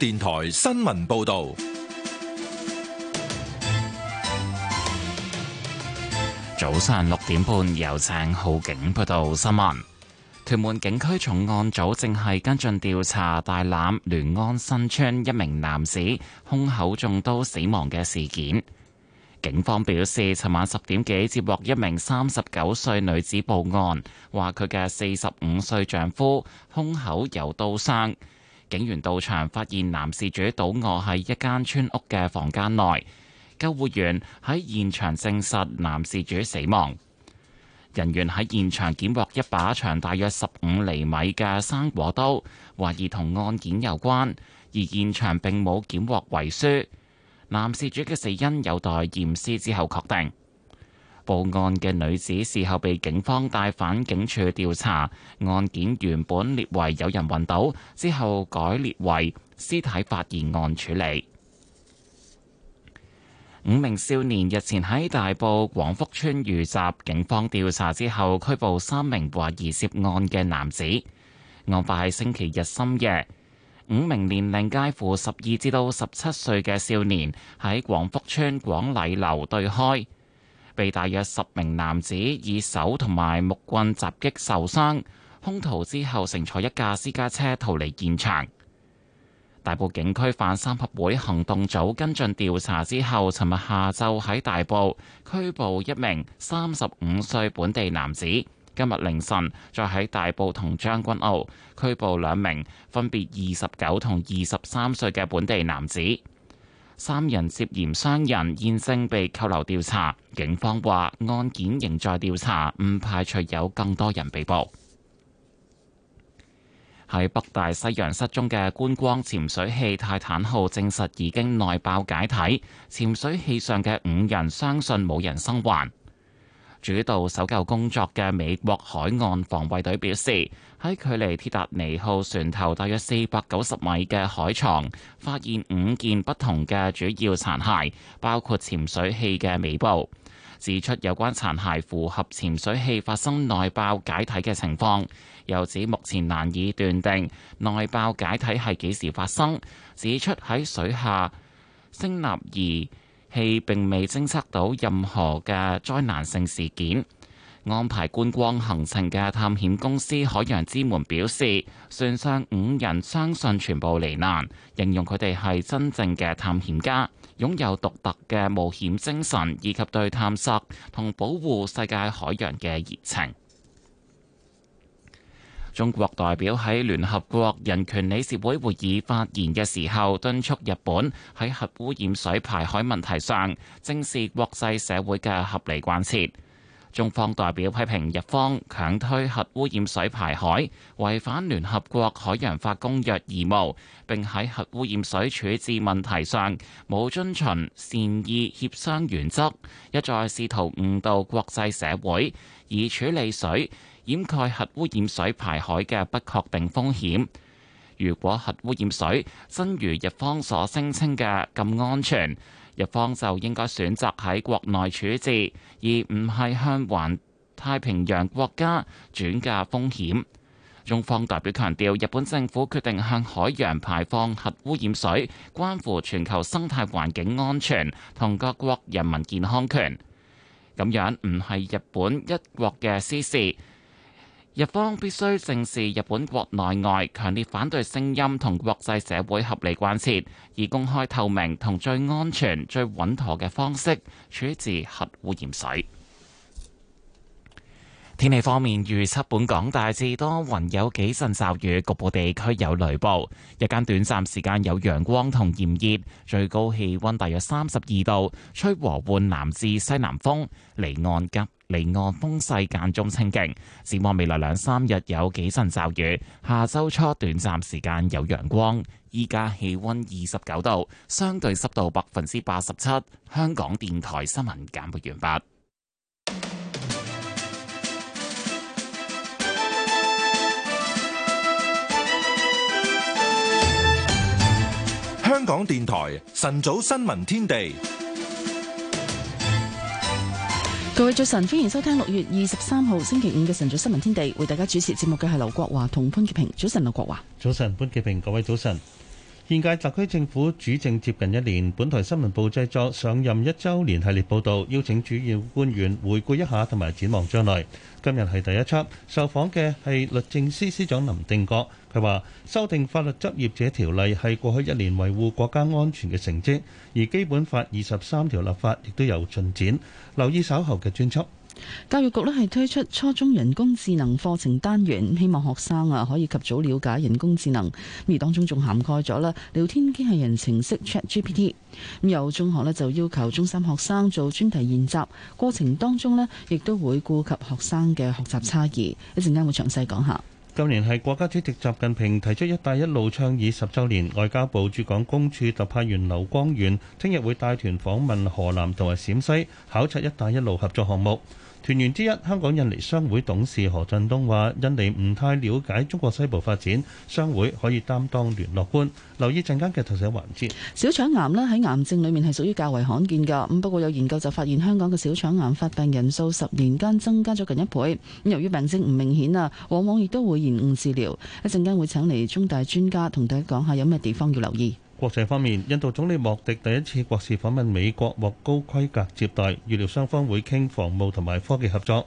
電台新聞報道，早上六點半由鄭浩景報道新聞。屯門警區重案組正係跟進調查大欖聯安新村一名男子胸口中刀死亡嘅事件。警方表示，尋晚十點幾接獲一名三十九歲女子報案，話佢嘅四十五歲丈夫胸口有刀傷。警員到場，發現男事主倒卧喺一間村屋嘅房間內，救護員喺現場證實男事主死亡。人員喺現場檢獲一把長大約十五厘米嘅生果刀，懷疑同案件有關，而現場並冇檢獲遺書。男事主嘅死因有待驗屍之後確定。報案嘅女子事後被警方帶返警署調查，案件原本列為有人暈倒，之後改列為屍體發現案處理。五名少年日前喺大埔廣福村遇襲，警方調查之後拘捕三名懷疑涉案嘅男子。案發係星期日深夜，五名年齡介乎十二至到十七歲嘅少年喺廣福村廣禮樓對開。被大約十名男子以手同埋木棍襲擊受傷，兇徒之後乘坐一架私家車逃離現場。大埔警區反三合會行動組跟進調查之後，尋日下晝喺大埔拘捕一名三十五歲本地男子。今日凌晨再喺大埔同將軍澳拘捕兩名分別二十九同二十三歲嘅本地男子。三人涉嫌傷人，現正被扣留調查。警方話案件仍在調查，唔排除有更多人被捕。喺北大西洋失蹤嘅觀光潛水器泰坦號，證實已經內爆解體，潛水器上嘅五人相信冇人生還。主導搜救工作嘅美國海岸防衛隊表示，喺距離鐵達尼號船頭大約四百九十米嘅海床，發現五件不同嘅主要殘骸，包括潛水器嘅尾部，指出有關殘骸符合潛水器發生內爆解體嘅情況，又指目前難以斷定內爆解體係幾時發生，指出喺水下聲納儀氣並未偵測到任何嘅災難性事件。安排觀光行程嘅探險公司海洋之門表示，船上五人相信全部罹難，形容佢哋係真正嘅探險家，擁有獨特嘅冒險精神以及對探索同保護世界海洋嘅熱情。中國代表喺聯合國人權理事會會議發言嘅時候，敦促日本喺核污染水排海問題上，正視國際社會嘅合理關切。中方代表批評日方強推核污染水排海，違反聯合國海洋法公約義務，並喺核污染水處置問題上冇遵循善意協商原則，一再試圖誤導國際社會，而處理水，掩蓋核污染水排海嘅不確定風險。如果核污染水真如日方所聲稱嘅咁安全，日方就應該選擇喺國內處置，而唔係向環太平洋國家轉嫁風險。中方代表強調，日本政府決定向海洋排放核污染水，關乎全球生態環境安全同各國人民健康權。咁樣唔係日本一國嘅私事。日方必須正視日本國內外強烈反對聲音同國際社會合理關切，以公開透明同最安全、最穩妥嘅方式處置核污染水。天氣方面，預測本港大致多雲，有幾陣驟雨，局部地區有雷暴，日間短暫時間有陽光同炎熱，最高氣温大約三十二度，吹和緩南至西南風，離岸急。離岸風勢間中清勁，展望未來兩三日有幾陣驟雨，下周初短暫時間有陽光。依家氣温二十九度，相對濕度百分之八十七。香港電台新聞簡報完畢。香港電台晨早新聞天地。各位早晨，歡迎收聽六月二十三號星期五嘅晨早新聞天地，為大家主持節目嘅係劉國華同潘潔平。早晨，劉國華。早晨，潘潔平。各位早晨。現屆特區政府主政接近一年，本台新聞部製作上任一周年系列報道，邀請主要官員回顧一下同埋展望將來。今日係第一輯受訪嘅係律政司司長林定國。佢話修訂法律執業者條例係過去一年維護國家安全嘅成績，而基本法二十三條立法亦都有進展。留意稍後嘅專輯。教育局咧係推出初中人工智能課程單元，希望學生啊可以及早了解人工智能，而當中仲涵蓋咗啦聊天機器人程式 ChatGPT。咁有中學咧就要求中三學生做專題研習，過程當中咧亦都會顧及學生嘅學習差異。一陣間會詳細講下。舊年係國家主席習近平提出「一帶一路」倡議十週年，外交部駐港公署特派員劉光源聽日會帶團訪問河南同埋陝西，考察「一帶一路」合作項目。團員之一，香港印尼商會董事何振東話：印尼唔太了解中國西部發展，商會可以擔當聯絡官。留意陣間嘅頭先環節。小腸癌咧喺癌症裏面係屬於較為罕見㗎咁，不過有研究就發現香港嘅小腸癌發病人數十年間增加咗近一倍咁。由於病症唔明顯啊，往往亦都會延誤治療。一陣間會請嚟中大專家同大家講下有咩地方要留意。國際方面，印度總理莫迪第一次國事訪問美國，獲高規格接待，預料雙方會傾防務同埋科技合作。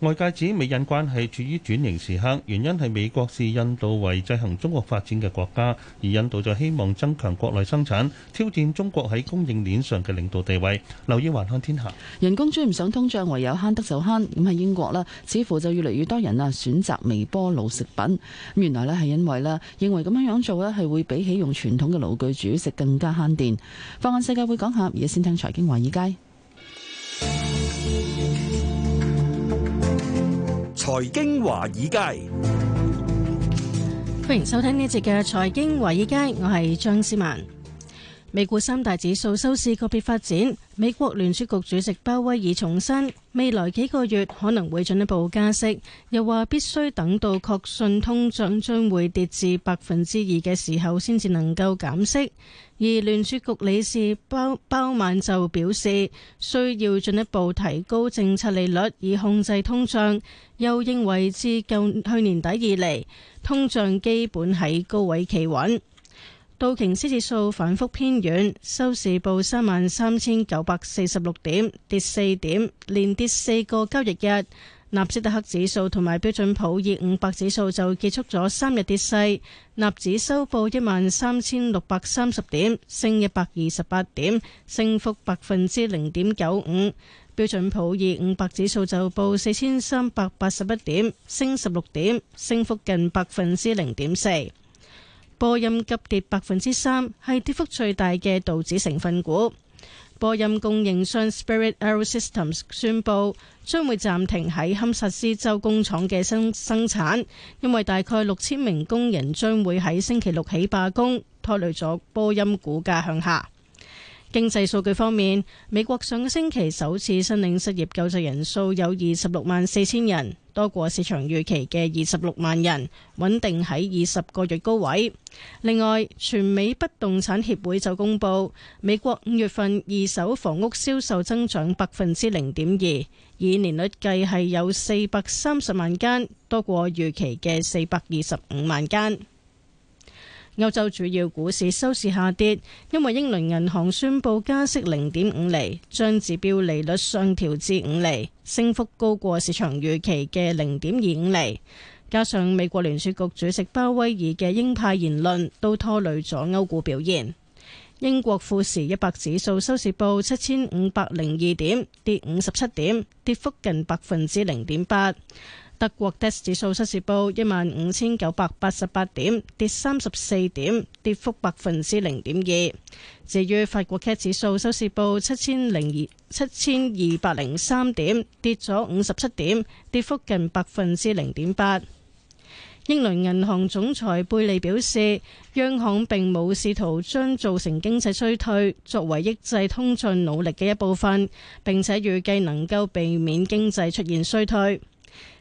外界指美印關係處於轉型時刻，原因係美國視印度為制衡中國發展嘅國家，而印度就希望增強國內生產，挑戰中國喺供應鏈上嘅領導地位。留意環看天下，人工追唔上通脹，唯有慳得就慳，咁喺英國啦，似乎就越嚟越多人啊選擇微波爐食品。咁原來咧係因為咧認為咁樣樣做咧係會比起用傳統嘅爐具煮食更加慳電。放眼世界會講下，而家先聽財經華爾街。財經華爾街，歡迎收聽呢一節嘅財經華爾街，我係張思文。美股三大指數收市個別發展。美國聯儲局主席鮑威爾重申，未來幾個月可能會進一步加息，又話必須等到確信通脹將會跌至百分之二嘅時候，先至能夠減息。而聯儲局理事鮑鮑曼就表示，需要進一步提高政策利率以控制通脹，又認為自舊去年底以嚟，通脹基本喺高位企穩。道瓊斯指數反覆偏軟，收市報三萬三千九百四十六點，跌四點，連跌四個交易日。納斯達克指數同埋標準普爾五百指數就結束咗三日跌勢，納指收報一萬三千六百三十點，升一百二十八點，升幅百分之零點九五。標準普爾五百指數就報四千三百八十一點，升十六點，升幅近百分之零點四。波音急跌百分之三，係跌幅最大嘅道指成分股。波音供應商 Spirit AeroSystems 宣布，將會暫停喺堪薩斯州工廠嘅生生產，因為大概六千名工人將會喺星期六起罷工，拖累咗波音股價向下。經濟數據方面，美國上個星期首次申領失業救濟人數有二十六萬四千人，多過市場預期嘅二十六萬人，穩定喺二十個月高位。另外，全美不動產協會就公布，美國五月份二手房屋銷售增長百分之零點二，以年率計係有四百三十萬間，多過預期嘅四百二十五萬間。歐洲主要股市收市下跌，因為英倫銀行宣布加息零點五厘，將指標利率上調至五厘，升幅高過市場預期嘅零點二五厘。加上美國聯儲局主席鮑威爾嘅鷹派言論，都拖累咗歐股表現。英國富時一百指數收市報七千五百零二點，跌五十七點，跌幅近百分之零點八。德國 DAX 指數收市報一萬五千九百八十八點，跌三十四點，跌幅百分之零點二。至於法國 CAC 指數收市報七千零二七千二百零三點，跌咗五十七點，跌幅近百分之零點八。英倫銀行總裁貝利表示，央行並冇試圖將造成經濟衰退作為抑制通脹努力嘅一部分，並且預計能夠避免經濟出現衰退。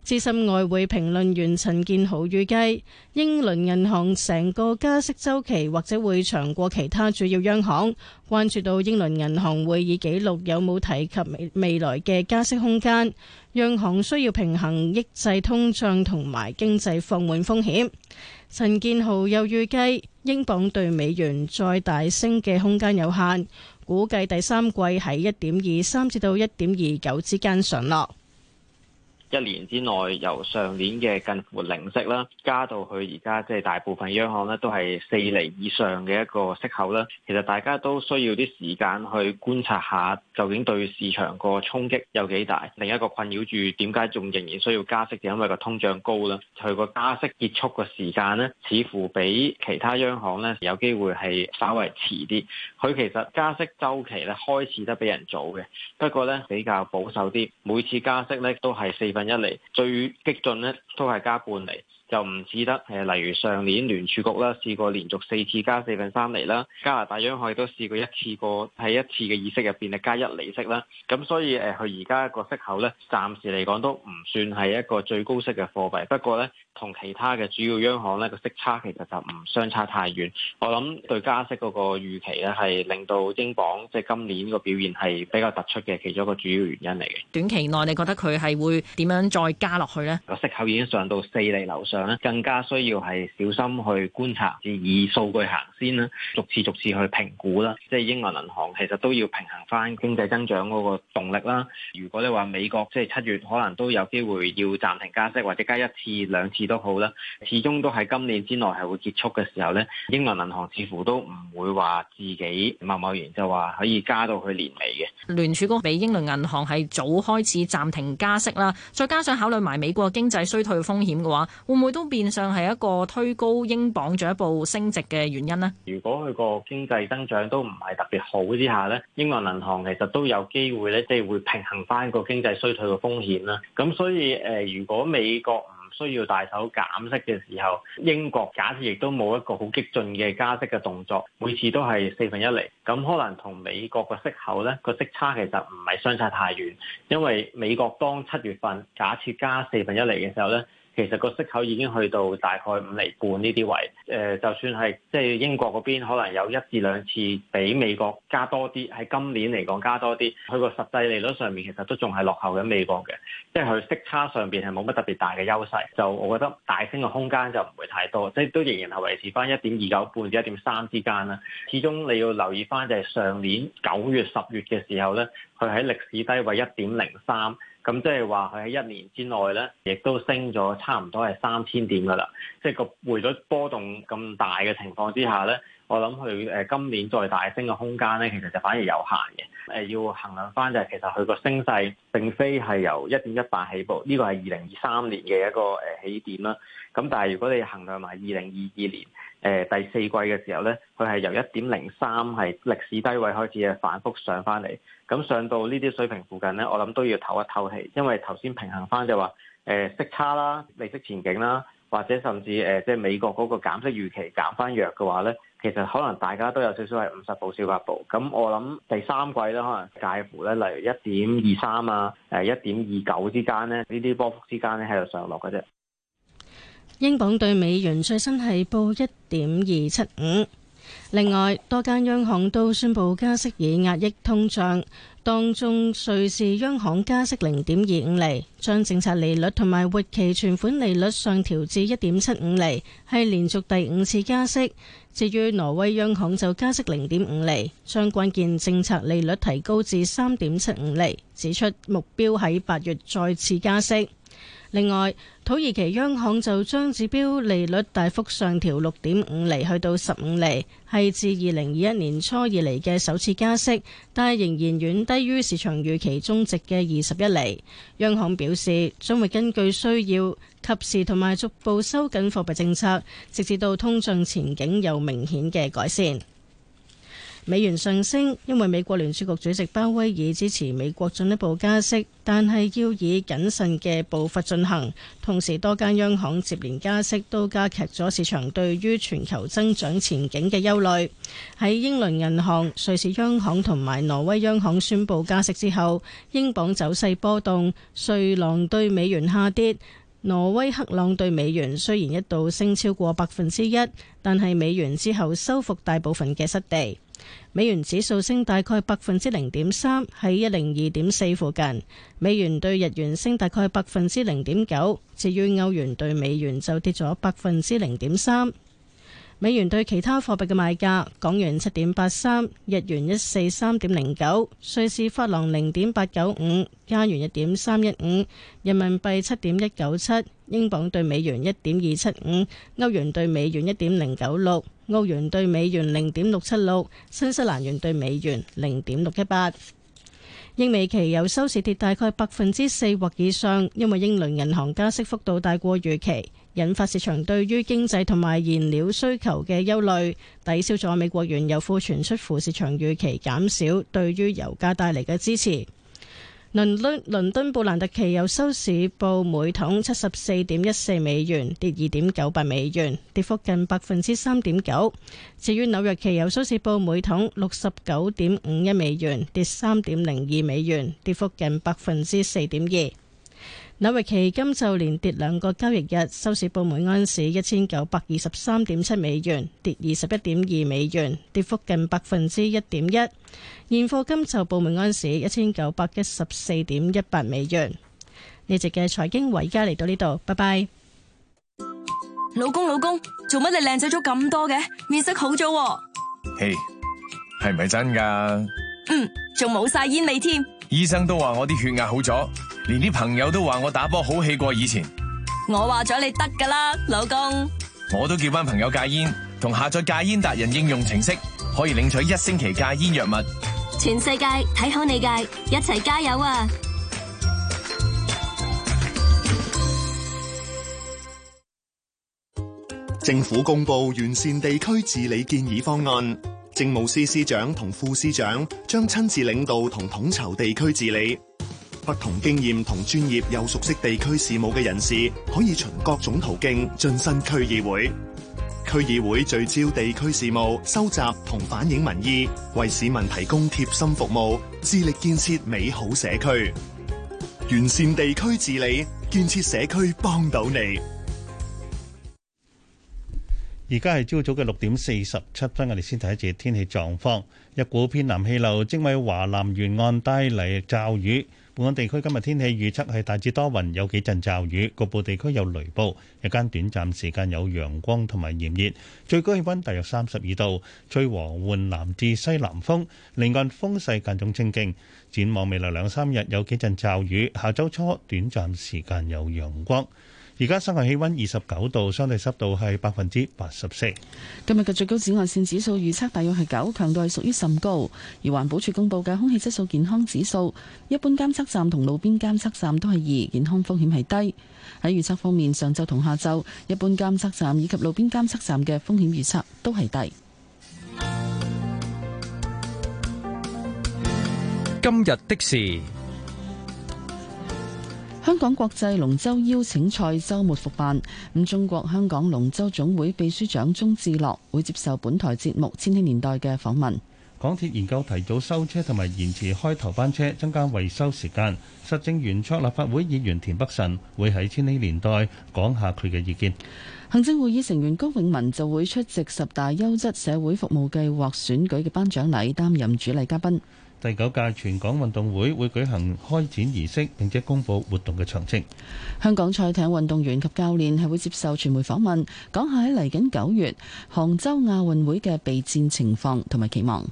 資深外匯評論員陳建豪預計，英倫銀行成個加息週期或者會長過其他主要央行。關注到英倫銀行會議記錄有冇提及未來嘅加息空間，央行需要平衡抑制通脹同埋經濟放緩風險。陳建豪又預計，英鎊對美元再大升嘅空間有限，估計第三季喺一點二三至到一點二九之間上落。一年之內由上年嘅近乎零息啦，加到去而家即係大部分央行咧都係四厘以上嘅一個息口啦。其實大家都需要啲時間去觀察下，究竟對市場個衝擊有幾大。另一個困擾住點解仲仍然需要加息，就因為個通脹高啦。佢個加息結束嘅時間咧，似乎比其他央行咧有機會係稍為遲啲。佢其實加息週期咧開始得比人早嘅，不過咧比較保守啲，每次加息咧都係四一厘最激進咧，都係加半厘。就唔似得誒，例如上年聯儲局啦，試過連續四次加四分三厘啦；加拿大央行亦都試過一次過喺一次嘅議息入邊誒加一釐息啦。咁所以誒，佢而家個息口咧，暫時嚟講都唔算係一個最高息嘅貨幣。不過咧，同其他嘅主要央行咧，個息差其實就唔相差太遠。我諗對加息嗰個預期咧，係令到英鎊即係今年呢個表現係比較突出嘅其中一個主要原因嚟嘅。短期內你覺得佢係會點樣再加落去咧？個息口已經上到四厘樓上。更加需要係小心去觀察，至以數據行先啦，逐次逐次去評估啦。即係英倫銀行其實都要平衡翻經濟增長嗰個動力啦。如果你話美國即係七月可能都有機會要暫停加息，或者加一次、兩次都好啦，始終都喺今年之內係會結束嘅時候咧，英倫銀行似乎都唔會話自己貿貿然就話可以加到去年尾嘅。聯儲局、美英倫銀行係早開始暫停加息啦，再加上考慮埋美國經濟衰退風險嘅話，會唔會？佢都變相係一個推高英鎊進一步升值嘅原因啦。如果佢個經濟增長都唔係特別好之下咧，英國銀行其實都有機會咧，即係會平衡翻個經濟衰退嘅風險啦。咁所以誒、呃，如果美國唔需要大手減息嘅時候，英國假設亦都冇一個好激進嘅加息嘅動作，每次都係四分一厘，咁可能同美國個息口咧個息差其實唔係相差太遠，因為美國當七月份假設加四分一厘嘅時候咧。其實個息口已經去到大概五厘半呢啲位，誒、呃，就算係即係英國嗰邊可能有一至兩次比美國加多啲，喺今年嚟講加多啲，佢個實際利率上面，其實都仲係落後緊美國嘅，即係佢息差上邊係冇乜特別大嘅優勢，就我覺得大升嘅空間就唔會太多，即係都仍然係維持翻一點二九半至一點三之間啦。始終你要留意翻就係上年九月、十月嘅時候咧，佢喺歷史低位一點零三。咁即係話佢喺一年之內咧，亦都升咗差唔多係三千點噶啦。即係個匯率波動咁大嘅情況之下咧，我諗佢誒今年再大升嘅空間咧，其實就反而有限嘅。誒要衡量翻就係其實佢個升勢並非係由一點一八起步，呢個係二零二三年嘅一個誒起點啦。咁但係如果你衡量埋二零二二年，誒第四季嘅時候咧，佢係由一點零三係歷史低位開始，係反覆上翻嚟，咁上到呢啲水平附近咧，我諗都要唞一透氣，因為頭先平衡翻就話誒息差啦、利息前景啦，或者甚至誒、呃、即係美國嗰個減息預期減翻弱嘅話咧，其實可能大家都有少少係五十步笑百步，咁我諗第三季咧可能介乎咧，例如一點二三啊、誒一點二九之間咧，呢啲波幅之間咧喺度上落嘅啫。英鎊兌美元最新係報一點二七五。另外，多間央行都宣布加息以壓抑通脹。當中，瑞士央行加息零點二五厘，將政策利率同埋活期存款利率上調至一點七五厘，係連續第五次加息。至於挪威央行就加息零點五厘，將關鍵政策利率提高至三點七五厘，指出目標喺八月再次加息。另外，土耳其央行就將指標利率大幅上調六點五厘去到十五厘，係自二零二一年初以嚟嘅首次加息，但係仍然遠低於市場預期中值嘅二十一厘，央行表示，將會根據需要，及時同埋逐步收緊貨幣政策，直至到通脹前景有明顯嘅改善。美元上升，因為美國聯儲局主席鮑威爾支持美國進一步加息，但係要以謹慎嘅步伐進行。同時，多間央行接連加息都加劇咗市場對於全球增長前景嘅憂慮。喺英倫銀行、瑞士央行同埋挪威央行宣布加息之後，英鎊走勢波動，瑞郎對美元下跌，挪威克朗對美元雖然一度升超過百分之一，但係美元之後收復大部分嘅失地。美元指數升大概百分之零點三，喺一零二點四附近。美元兌日元升大概百分之零點九，至於歐元兌美元就跌咗百分之零點三。美元對其他貨幣嘅賣價：港元七點八三，日元一四三點零九，瑞士法郎零點八九五，加元一點三一五，人民幣七點一九七，英鎊兌美元一點二七五，歐元兌美元一點零九六。澳元兌美元零點六七六，新西蘭元兌美元零點六一八。英美期油收市跌大概百分之四或以上，因為英倫銀行加息幅度大過預期，引發市場對於經濟同埋燃料需求嘅憂慮，抵消咗美國原油庫存出乎市場預期減少對於油價帶嚟嘅支持。倫敦倫敦布蘭特期油收市報每桶七十四點一四美元，跌二點九八美元，跌幅近百分之三點九。至於紐約期油收市報每桶六十九點五一美元，跌三點零二美元，跌幅近百分之四點二。紐域期金就連跌兩個交易日，收市報每安市一千九百二十三點七美元，跌二十一點二美元，跌幅近百分之一點一。現貨金就報每安市一千九百一十四點一八美元。呢集嘅財經維家嚟到呢度，拜拜。老公，老公，做乜你靚仔咗咁多嘅？面色好咗。嘿、hey，係唔係真噶？嗯，仲冇晒煙味添。醫生都話我啲血壓好咗。連啲朋友都話我打波好氣過以前。我話咗你得㗎啦，老公。我都叫班朋友戒煙，同下載戒煙達人應用程式，可以領取一星期戒煙藥物。全世界睇好你戒，一齊加油啊！政府公布完善地區治理建議方案，政務司司長同副司長將親自領導同統籌地區治理。不同經驗同專業又熟悉地區事務嘅人士，可以循各種途徑進身區議會。區議會聚焦地區事務，收集同反映民意，為市民提供貼心服務，致力建設美好社區，完善地區治理，建設社區，幫到你。而家係朝早嘅六點四十七分，我哋先睇一節天氣狀況。一股偏南氣流正為華南沿岸帶嚟驟雨。本港地區今日天氣預測係大致多雲，有幾陣驟雨，局部地區有雷暴，日間短暫時間有陽光同埋炎熱，最高氣溫大約三十二度，吹和緩南至西南風，離岸風勢間中清勁。展望未來兩三日有幾陣驟雨，下周初短暫時間有陽光。而家室外氣溫二十九度，相對濕度係百分之八十四。今日嘅最高紫外線指數預測大約係九，強度係屬於甚高。而環保署公布嘅空氣質素健康指數，一般監測站同路邊監測站都係二，健康風險係低。喺預測方面，上晝同下晝，一般監測站以及路邊監測站嘅風險預測都係低。今日的事。香港國際龍舟邀請賽週末復辦，咁中國香港龍舟總會秘書長鐘志樂會接受本台節目《千禧年代》嘅訪問。港鐵研究提早收車同埋延遲開頭班車，增加維修時間。實政圓桌立法會議員田北辰會喺《千禧年代》講下佢嘅意見。行政會議成員高永文就會出席十大優質社會服務計劃選舉嘅頒獎禮，擔任主禮嘉賓。第九屆全港運動會會舉行開展儀式，並且公布活動嘅詳情。香港賽艇運動員及教練係會接受傳媒訪問，講下喺嚟緊九月杭州亞運會嘅備戰情況同埋期望。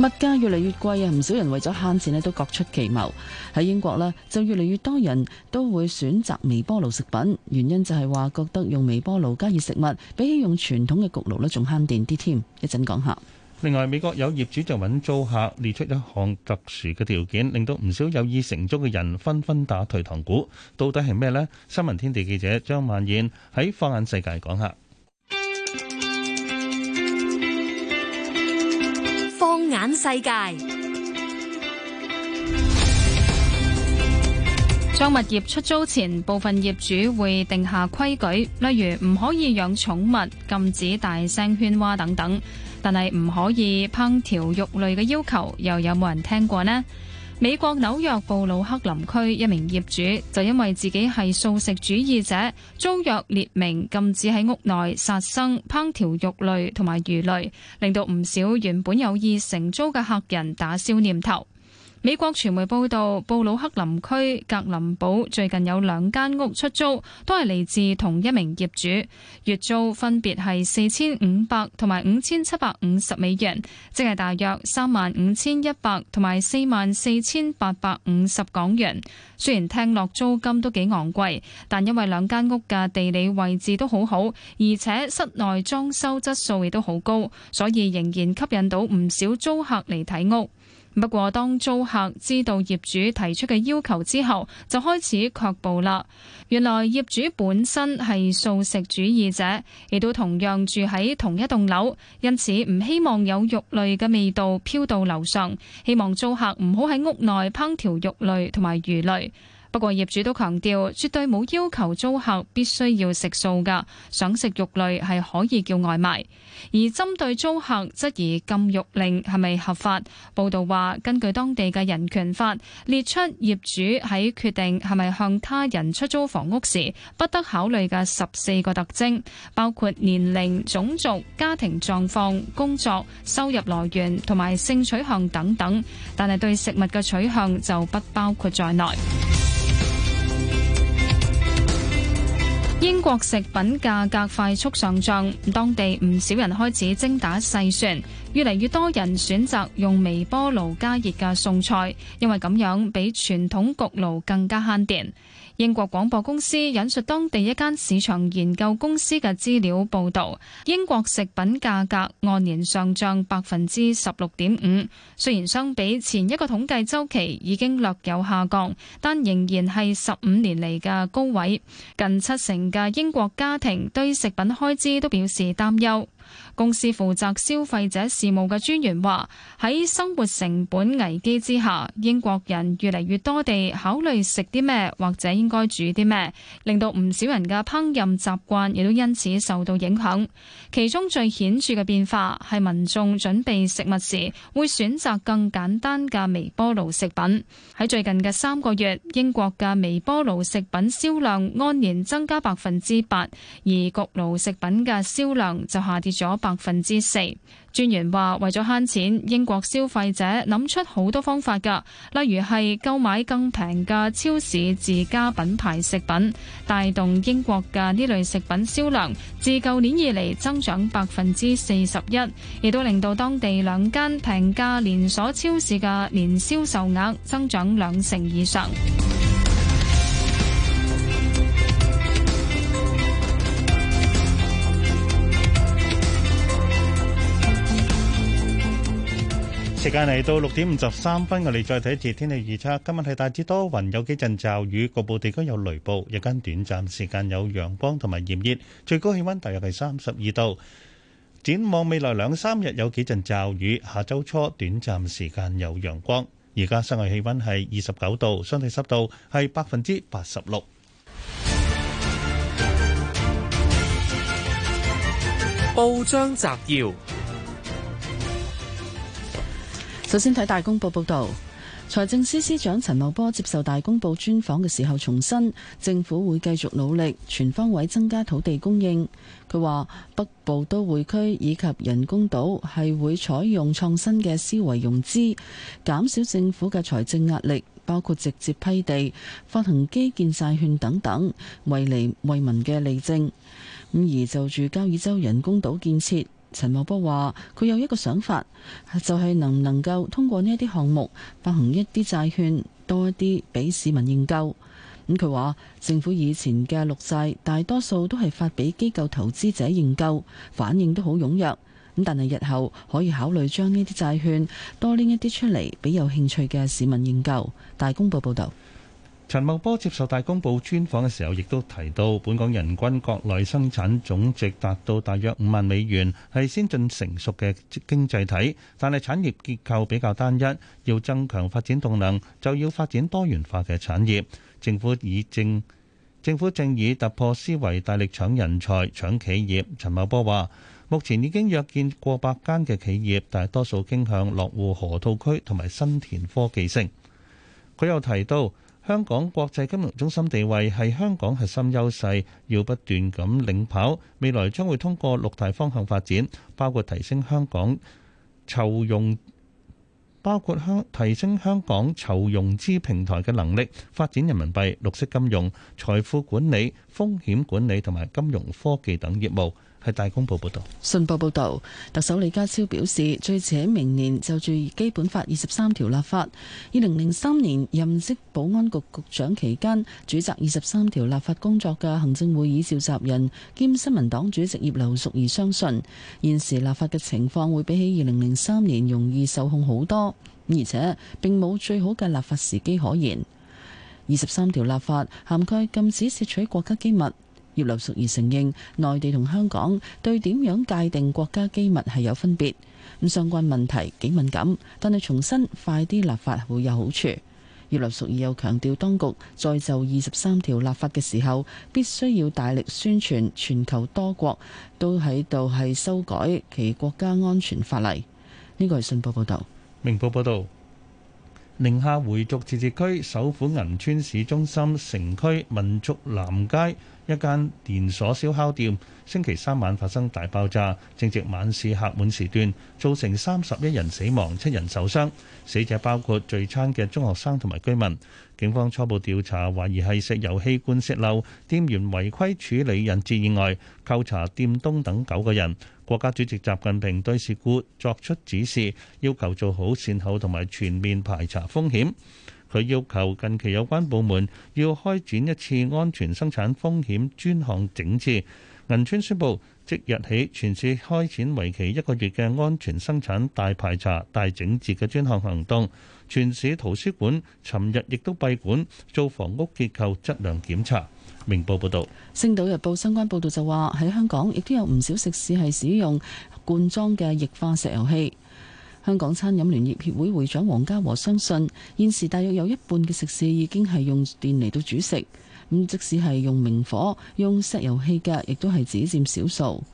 物價越嚟越貴啊，唔少人為咗慳錢呢，都各出奇謀。喺英國呢，就越嚟越多人都會選擇微波爐食品，原因就係話覺得用微波爐加熱食物，比起用傳統嘅焗爐呢仲慳電啲添。一陣講下。另外，美國有業主就揾租客列出一項特殊嘅條件，令到唔少有意承租嘅人紛紛打退堂鼓。到底係咩呢？新聞天地記者張曼燕喺放眼世界講下。世界將物業出租前，部分業主會定下規矩，例如唔可以養寵物、禁止大聲喧嘩等等。但係唔可以烹調肉類嘅要求，又有冇人聽過呢？美國紐約布魯克林區一名業主就因為自己係素食主義者，租約列明禁止喺屋內殺生烹調肉類同埋魚類，令到唔少原本有意承租嘅客人打消念頭。美國傳媒報道，布魯克林區格林堡最近有兩間屋出租，都係嚟自同一名業主，月租分別係四千五百同埋五千七百五十美元，即係大約三萬五千一百同埋四萬四千八百五十港元。雖然聽落租金都幾昂貴，但因為兩間屋嘅地理位置都好好，而且室內裝修質素亦都好高，所以仍然吸引到唔少租客嚟睇屋。不過，當租客知道業主提出嘅要求之後，就開始卻步啦。原來業主本身係素食主義者，亦都同樣住喺同一棟樓，因此唔希望有肉類嘅味道飄到樓上，希望租客唔好喺屋內烹調肉類同埋魚類。不過，業主都強調，絕對冇要求租客必須要食素㗎，想食肉類係可以叫外賣。而針對租客質疑禁肉令係咪合法，報導話根據當地嘅人權法列出業主喺決定係咪向他人出租房屋時不得考慮嘅十四個特徵，包括年齡、種族、家庭狀況、工作、收入來源同埋性取向等等，但係對食物嘅取向就不包括在內。英國食品價格快速上漲，當地唔少人開始精打細算，越嚟越多人選擇用微波爐加熱嘅餸菜，因為咁樣比傳統焗爐更加慳電。英國廣播公司引述當地一間市場研究公司嘅資料報道，英國食品價格按年上漲百分之十六點五。雖然相比前一個統計周期已經略有下降，但仍然係十五年嚟嘅高位。近七成嘅英國家庭對食品開支都表示擔憂。公司負責消費者事務嘅專員話，喺生活成本危機之下，英國人越嚟越多地考慮食啲咩或者應該煮啲咩，令到唔少人嘅烹飪習慣亦都因此受到影響，其中最顯著嘅變化係民眾準備食物時會選擇更簡單嘅微波爐食品。喺最近嘅三個月，英國嘅微波爐食品銷量按年增加百分之八，而焗爐食品嘅銷量就下跌咗百。百分之四。專員話為咗慳錢，英國消費者諗出好多方法噶，例如係購買更平嘅超市自家品牌食品，帶動英國嘅呢類食品銷量自舊年以嚟增長百分之四十一，亦都令到當地兩間平價連鎖超市嘅年銷售額增長兩成以上。時間嚟到六點五十三分，我哋再睇一次天氣預測。今日係大致多雲，有幾陣驟雨，局部地區有雷暴。日間短暫時間有陽光同埋炎熱，最高氣溫大約係三十二度。展望未來兩三日有幾陣驟雨，下周初短暫時間有陽光。而家室外氣温係二十九度，相對濕度係百分之八十六。報章摘要。首先睇《大公報》報道，財政司司長陳茂波接受《大公報》專訪嘅時候重申，政府會繼續努力全方位增加土地供應。佢話北部都會區以及人工島係會採用創新嘅思維融資，減少政府嘅財政壓力，包括直接批地、發行基建債券等等，為利為民嘅利政。咁而就住交椅洲人工島建設。陳茂波話：佢有一個想法，就係能唔能夠通過呢一啲項目發行一啲債券，多一啲俾市民認購。咁佢話政府以前嘅綠債，大多數都係發俾機構投資者認購，反應都好踊躍。咁但係日後可以考慮將呢啲債券多拎一啲出嚟，俾有興趣嘅市民認購。大公報報道。陳茂波接受大公報專訪嘅時候，亦都提到，本港人均國內生產總值達到大約五萬美元，係先進成熟嘅經濟體，但係產業結構比較單一，要增強發展動能，就要發展多元化嘅產業。政府以政政府正以突破思維，大力搶人才、搶企業。陳茂波話：目前已經約見過百間嘅企業，大多數傾向落戶河套區同埋新田科技城。佢又提到。香港國際金融中心地位係香港核心優勢，要不斷咁領跑。未來將會通過六大方向發展，包括提升香港籌融，包括香提升香港籌融資平台嘅能力，發展人民幣、綠色金融、財富管理、風險管理同埋金融科技等業務。係大公報報道，信報報道，特首李家超表示，最遲喺明年就住基本法二十三條立法。二零零三年任職保安局局長期間，主責二十三條立法工作嘅行政會議召集人兼新聞黨主席葉劉淑儀相信，現時立法嘅情況會比起二零零三年容易受控好多，而且並冇最好嘅立法時機可言。二十三條立法涵蓋禁止竊取國家機密。葉劉淑儀承認內地同香港對點樣界定國家機密係有分別，咁相關問題幾敏感，但係重新快啲立法會有好處。葉劉淑儀又強調，當局在就二十三條立法嘅時候，必須要大力宣傳全球多國都喺度係修改其國家安全法例。呢個係信報報道，明報報道，寧夏回族自治區首府銀川市中心城區民族南街。一間連鎖燒烤店星期三晚發生大爆炸，正值晚市客滿時段，造成三十一人死亡，七人受傷，死者包括聚餐嘅中學生同埋居民。警方初步調查懷疑係石油氣罐泄漏，店員違規處理引致意外，扣查店東等九個人。國家主席習近平對事故作出指示，要求做好善後同埋全面排查風險。佢要求近期有關部門要開展一次安全生產風險專項整治。銀川宣布，即日起全市開展為期一個月嘅安全生產大排查、大整治嘅專項行動。全市圖書館尋日亦都閉館做房屋結構質量檢查。明報報道，星島日報相關報道就話喺香港亦都有唔少食肆係使用罐裝嘅液化石油氣。香港餐飲聯業協會會長黃家和相信，現時大約有一半嘅食肆已經係用電嚟到煮食，咁即使係用明火、用石油氣嘅，亦都係只佔少數。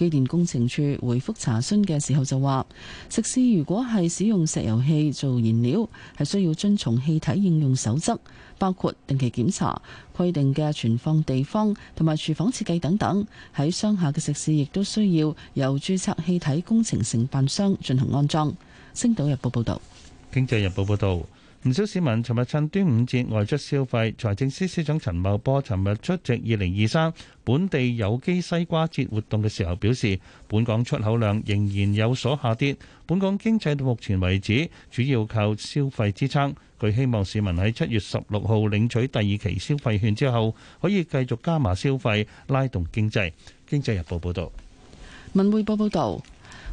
機電工程處回覆查詢嘅時候就話，食肆如果係使用石油氣做燃料，係需要遵從氣體應用守則，包括定期檢查、規定嘅存放地方同埋廚房設計等等。喺商廈嘅食肆亦都需要由註冊氣體工程承辦商進行安裝。星島日報報道。經濟日報報道。唔少市民尋日趁端午節外出消費，財政司司長陳茂波尋日出席二零二三本地有機西瓜節活動嘅時候表示，本港出口量仍然有所下跌，本港經濟到目前為止主要靠消費支撐。佢希望市民喺七月十六號領取第二期消費券之後，可以繼續加碼消費，拉動經濟。經濟日報報道。文匯報報導。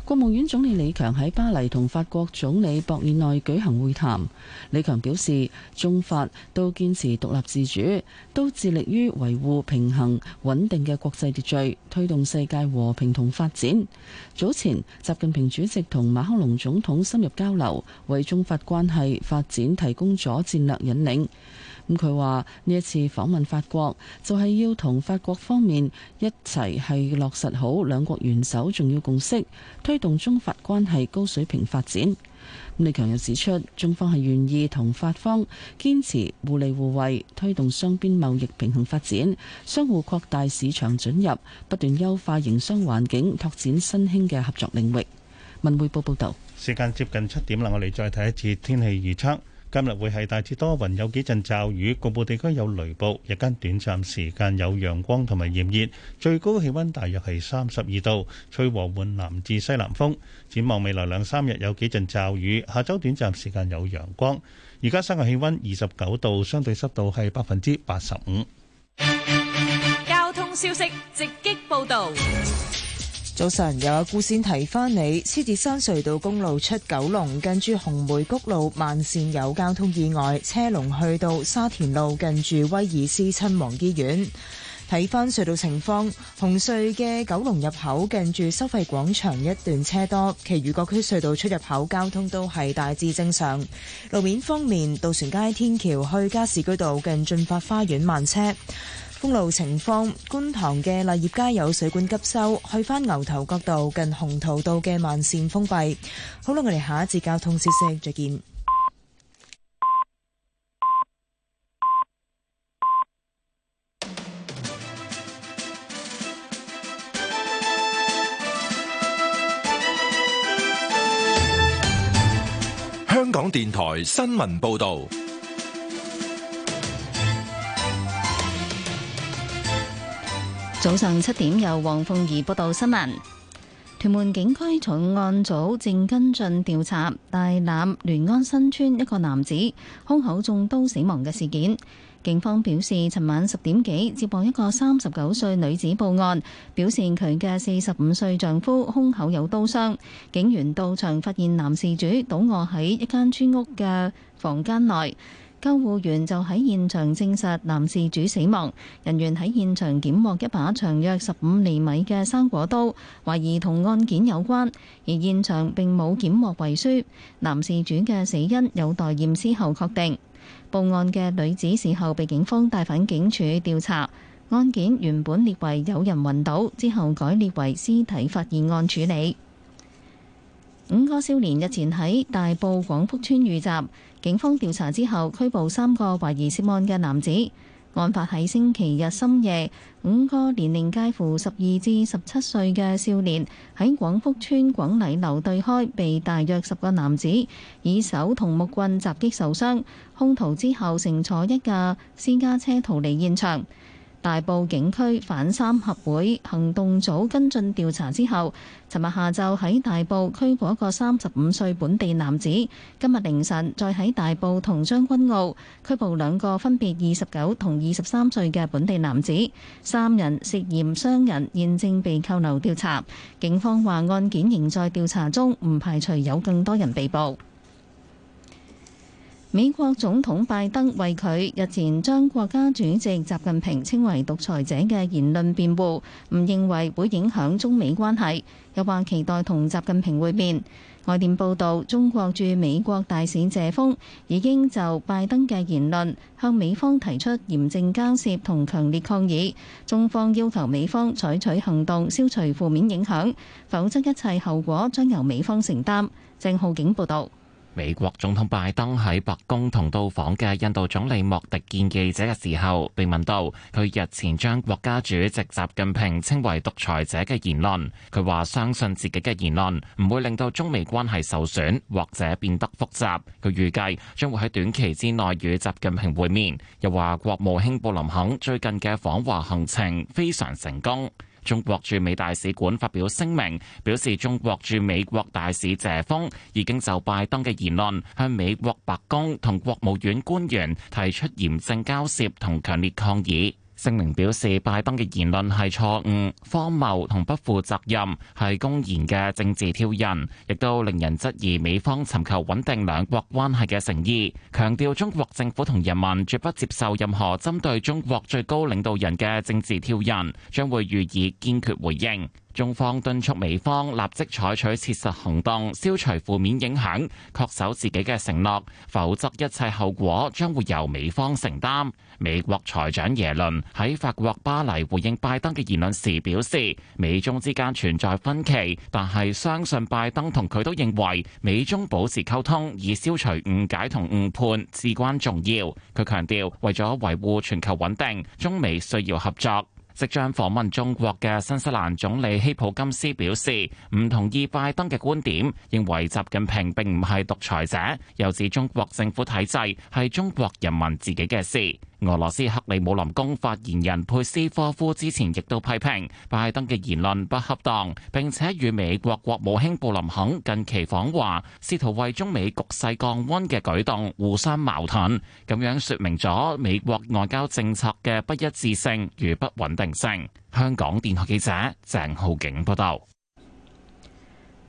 國務院總理李強喺巴黎同法國總理博爾內舉行會談。李強表示，中法都堅持獨立自主，都致力於維護平衡穩定嘅國際秩序，推動世界和平同發展。早前，習近平主席同馬克龍總統深入交流，為中法關係發展提供咗戰略引領。咁佢話呢一次訪問法國，就係要同法國方面一齊係落實好兩國元首重要共識，推動中法關係高水平發展。李強又指出，中方係願意同法方堅持互利互惠，推動雙邊貿易平衡發展，相互擴大市場准入，不斷優化營商環境，拓展新興嘅合作領域。文匯報報道。時間接近七點啦，我哋再睇一次天氣預測。今日會係大致多雲，有幾陣驟雨，局部地區有雷暴。日間短暫時間有陽光同埋炎熱，最高氣温大約係三十二度，吹和緩南至西南風。展望未來兩三日有幾陣驟雨，下周短暫時間有陽光。而家室外氣温二十九度，相對濕度係百分之八十五。交通消息直擊報道。早晨，有阿姑先提翻你，獅子山隧道公路出九龍，近住紅梅谷路慢線有交通意外，車龍去到沙田路近住威爾斯親王醫院。睇翻隧道情況，紅隧嘅九龍入口近住收費廣場一段車多，其餘各區隧道出入口交通都係大致正常。路面方面，渡船街天橋去加士居道近駿發花園慢車。封路情況，觀塘嘅勵業街有水管急修，去翻牛頭角道近鴻圖道嘅慢線封閉。好啦，我哋下一節交通消息再見。香港電台新聞報道。早上七點，由黃鳳儀報道新聞。屯門警區重案組正跟進調查大欖聯安新村一個男子胸口中刀死亡嘅事件。警方表示，尋晚十點幾接獲一個三十九歲女子報案，表示佢嘅四十五歲丈夫胸口有刀傷。警員到場發現男事主倒卧喺一間村屋嘅房間內。救護員就喺現場證實男事主死亡，人員喺現場檢獲一把長約十五厘米嘅生果刀，懷疑同案件有關。而現場並冇檢獲遺書，男事主嘅死因有待驗屍後確定。報案嘅女子事後被警方帶返警署調查，案件原本列為有人暈倒，之後改列為屍體發現案處理。五個少年日前喺大埔廣福村遇襲，警方調查之後拘捕三個懷疑涉案嘅男子。案發喺星期日深夜，五個年齡介乎十二至十七歲嘅少年喺廣福村廣禮樓對開，被大約十個男子以手同木棍襲擊受傷，凶徒之後乘坐一架私家車逃離現場。大埔警區反三合會行動組跟進調查之後，尋日下晝喺大埔拘捕一個三十五歲本地男子。今日凌晨再喺大埔同將軍澳拘捕兩個分別二十九同二十三歲嘅本地男子，三人涉嫌傷人，現正被扣留調查。警方話案件仍在調查中，唔排除有更多人被捕。美國總統拜登為佢日前將國家主席習近平稱為獨裁者嘅言論辯護，唔認為會影響中美關係，又話期待同習近平會面。外電報道，中國駐美國大使謝鋒已經就拜登嘅言論向美方提出嚴正交涉同強烈抗議，中方要求美方採取行動消除負面影響，否則一切後果將由美方承擔。鄭浩景報道。美國總統拜登喺白宮同到訪嘅印度總理莫迪見記者嘅時候，被問到佢日前將國家主席習近平稱為獨裁者嘅言論，佢話相信自己嘅言論唔會令到中美關係受損或者變得複雜。佢預計將會喺短期之內與習近平會面，又話國務卿布林肯最近嘅訪華行程非常成功。中國駐美大使館發表聲明，表示中國駐美國大使謝鋒已經就拜登嘅言論向美國白宮同國務院官員提出嚴正交涉同強烈抗議。聲明表示，拜登嘅言論係錯誤、荒謬同不負責任，係公然嘅政治挑釁，亦都令人質疑美方尋求穩定兩國關係嘅誠意。強調，中國政府同人民絕不接受任何針對中國最高領導人嘅政治挑釁，將會予以堅決回應。中方敦促美方立即採取切實行動消除負面影響，恪守自己嘅承諾，否則一切後果將會由美方承擔。美國財長耶倫喺法國巴黎回應拜登嘅言論時表示，美中之間存在分歧，但係相信拜登同佢都認為美中保持溝通以消除誤解同誤判至關重要。佢強調，為咗維護全球穩定，中美需要合作。即將訪問中國嘅新西蘭總理希普金斯表示，唔同意拜登嘅觀點，認為習近平並唔係獨裁者，又指中國政府體制係中國人民自己嘅事。俄羅斯克里姆林宮發言人佩斯科夫之前亦都批評拜登嘅言論不恰當，並且與美國國務卿布林肯近期訪華，試圖為中美局勢降温嘅舉動互相矛盾，咁樣說明咗美國外交政策嘅不一致性與不穩定性。香港電台記者鄭浩景報道。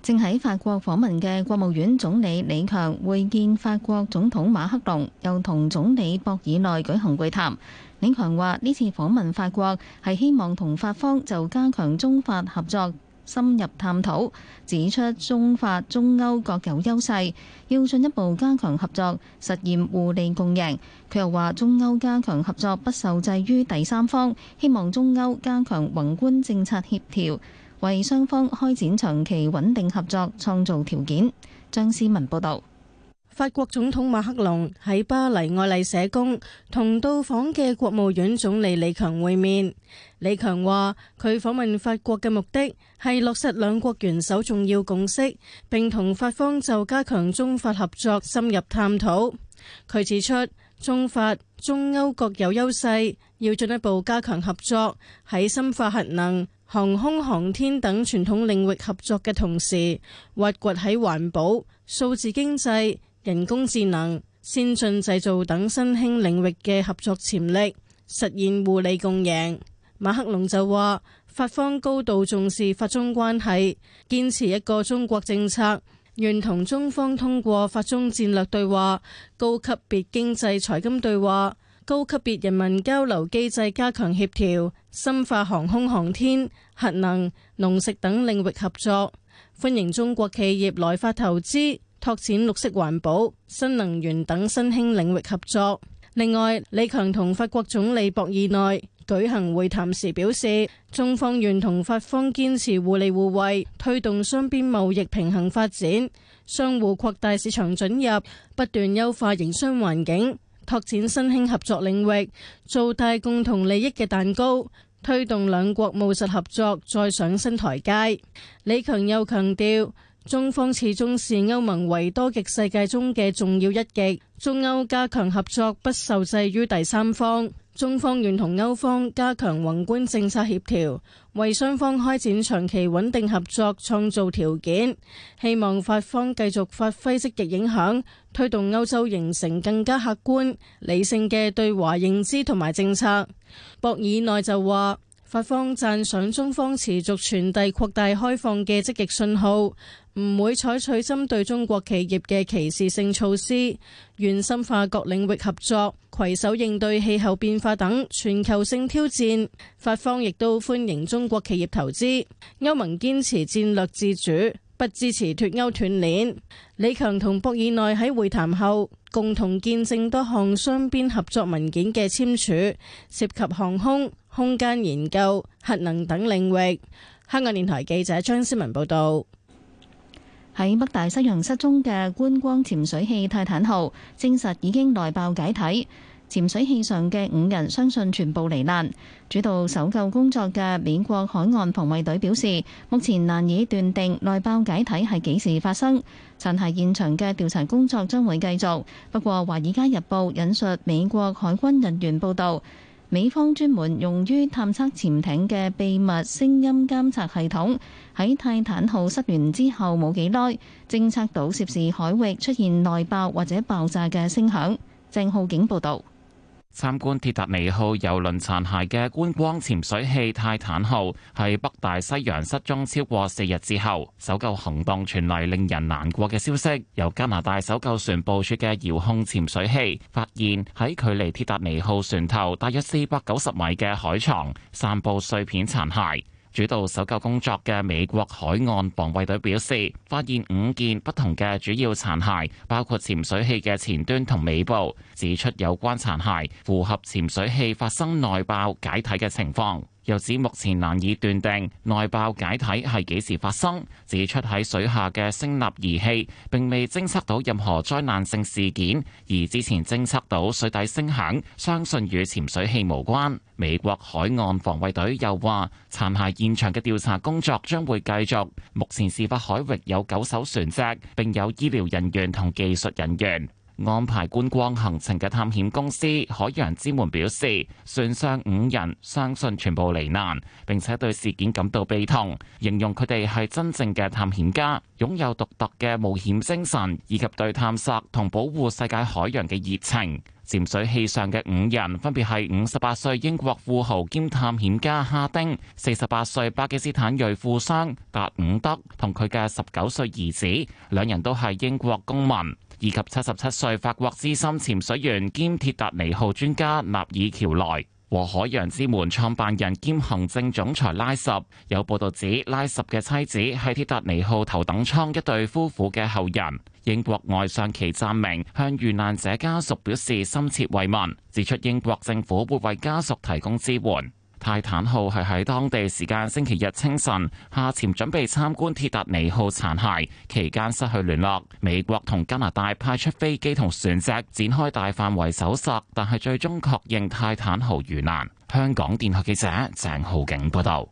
正喺法國訪問嘅國務院總理李強會見法國總統馬克龍，又同總理博爾內舉行會談。李強話：呢次訪問法國係希望同法方就加強中法合作深入探討，指出中法、中歐各有優勢，要進一步加強合作，實現互利共贏。佢又話：中歐加強合作不受制於第三方，希望中歐加強宏觀政策協調。為雙方開展長期穩定合作創造條件，張思文報道。航空航天等傳統領域合作嘅同時，挖掘喺環保、數字經濟、人工智能、先進製造等新興領域嘅合作潛力，實現互利共贏。馬克龍就話，法方高度重視法中關係，堅持一個中國政策，願同中方通過法中戰略對話、高級別經濟財金對話、高級別人民交流機制加強協調，深化航空航天、核能、農食等領域合作，歡迎中國企業來法投資，拓展綠色環保、新能源等新興領域合作。另外，李強同法國總理博爾內舉行會談時表示，中方願同法方堅持互利互惠，推動雙邊貿易平衡發展，相互擴大市場準入，不斷優化營商環境。拓展新興合作領域，做大共同利益嘅蛋糕，推動兩國務實合作再上新台階。李強又強調，中方始終視歐盟為多極世界中嘅重要一極，中歐加強合作不受制於第三方。中方願同歐方加強宏觀政策協調，為雙方開展長期穩定合作創造條件。希望法方繼續發揮積極影響，推動歐洲形成更加客觀、理性嘅對華認知同埋政策。博爾內就話。法方讚賞中方持續傳遞擴大開放嘅積極信號，唔會採取針對中國企業嘅歧視性措施，願深化各領域合作，攜手應對氣候變化等全球性挑戰。法方亦都歡迎中國企業投資。歐盟堅持戰略自主，不支持脫鈎斷鏈。李強同博爾內喺會談後，共同見證多項雙邊合作文件嘅簽署，涉及航空、空間研究、核能等領域。香港電台記者張思文報道。喺北大西洋失蹤嘅觀光潛水器泰坦號證實已經內爆解體，潛水器上嘅五人相信全部罹難。主導搜救工作嘅美國海岸防衛隊表示，目前難以斷定內爆解體係幾時發生，殘骸現場嘅調查工作將會繼續。不過，《華爾街日報》引述美國海軍人員報道。美方專門用於探測潛艇嘅秘密聲音監測系統，喺泰坦號失聯之後冇幾耐，偵測到涉事海域出現內爆或者爆炸嘅聲響。鄭浩景報道。參觀鐵達尼號郵輪殘骸嘅觀光潛水器泰坦號，喺北大西洋失蹤超過四日之後，搜救行動傳嚟令人難過嘅消息。由加拿大搜救船部署嘅遙控潛水器發現，喺距離鐵達尼號船頭大約四百九十米嘅海床散布碎片殘骸。主導搜救工作嘅美國海岸防衛隊表示，發現五件不同嘅主要殘骸，包括潛水器嘅前端同尾部，指出有關殘骸符合潛水器發生內爆解體嘅情況。又指目前難以斷定內爆解體係幾時發生，指出喺水下嘅聲納儀器並未偵測到任何災難性事件，而之前偵測到水底聲響，相信與潛水器無關。美國海岸防衛隊又話殘骸現場嘅調查工作將會繼續，目前事發海域有九艘船隻並有醫療人員同技術人員。安排觀光行程嘅探險公司海洋之門表示，船上五人相信全部罹難，並且對事件感到悲痛，形容佢哋係真正嘅探險家，擁有獨特嘅冒險精神，以及對探索同保護世界海洋嘅熱情。潛水器上嘅五人分別係五十八歲英國富豪兼探險家哈丁、四十八歲巴基斯坦裔富商達伍德同佢嘅十九歲兒子，兩人都係英國公民。以及七十七歲法國資深潛水員兼鐵達尼號專家納爾喬萊和海洋之門創辦人兼行政總裁拉什，有報道指拉什嘅妻子係鐵達尼號頭等艙一對夫婦嘅後人。英國外相祁湛明向遇難者家屬表示深切慰問，指出英國政府會為家屬提供支援。泰坦號係喺當地時間星期日清晨下潛準備參觀鐵達尼號殘骸期間失去聯絡，美國同加拿大派出飛機同船隻展開大範圍搜索，但係最終確認泰坦號遇難。香港電台記者鄭浩景報道。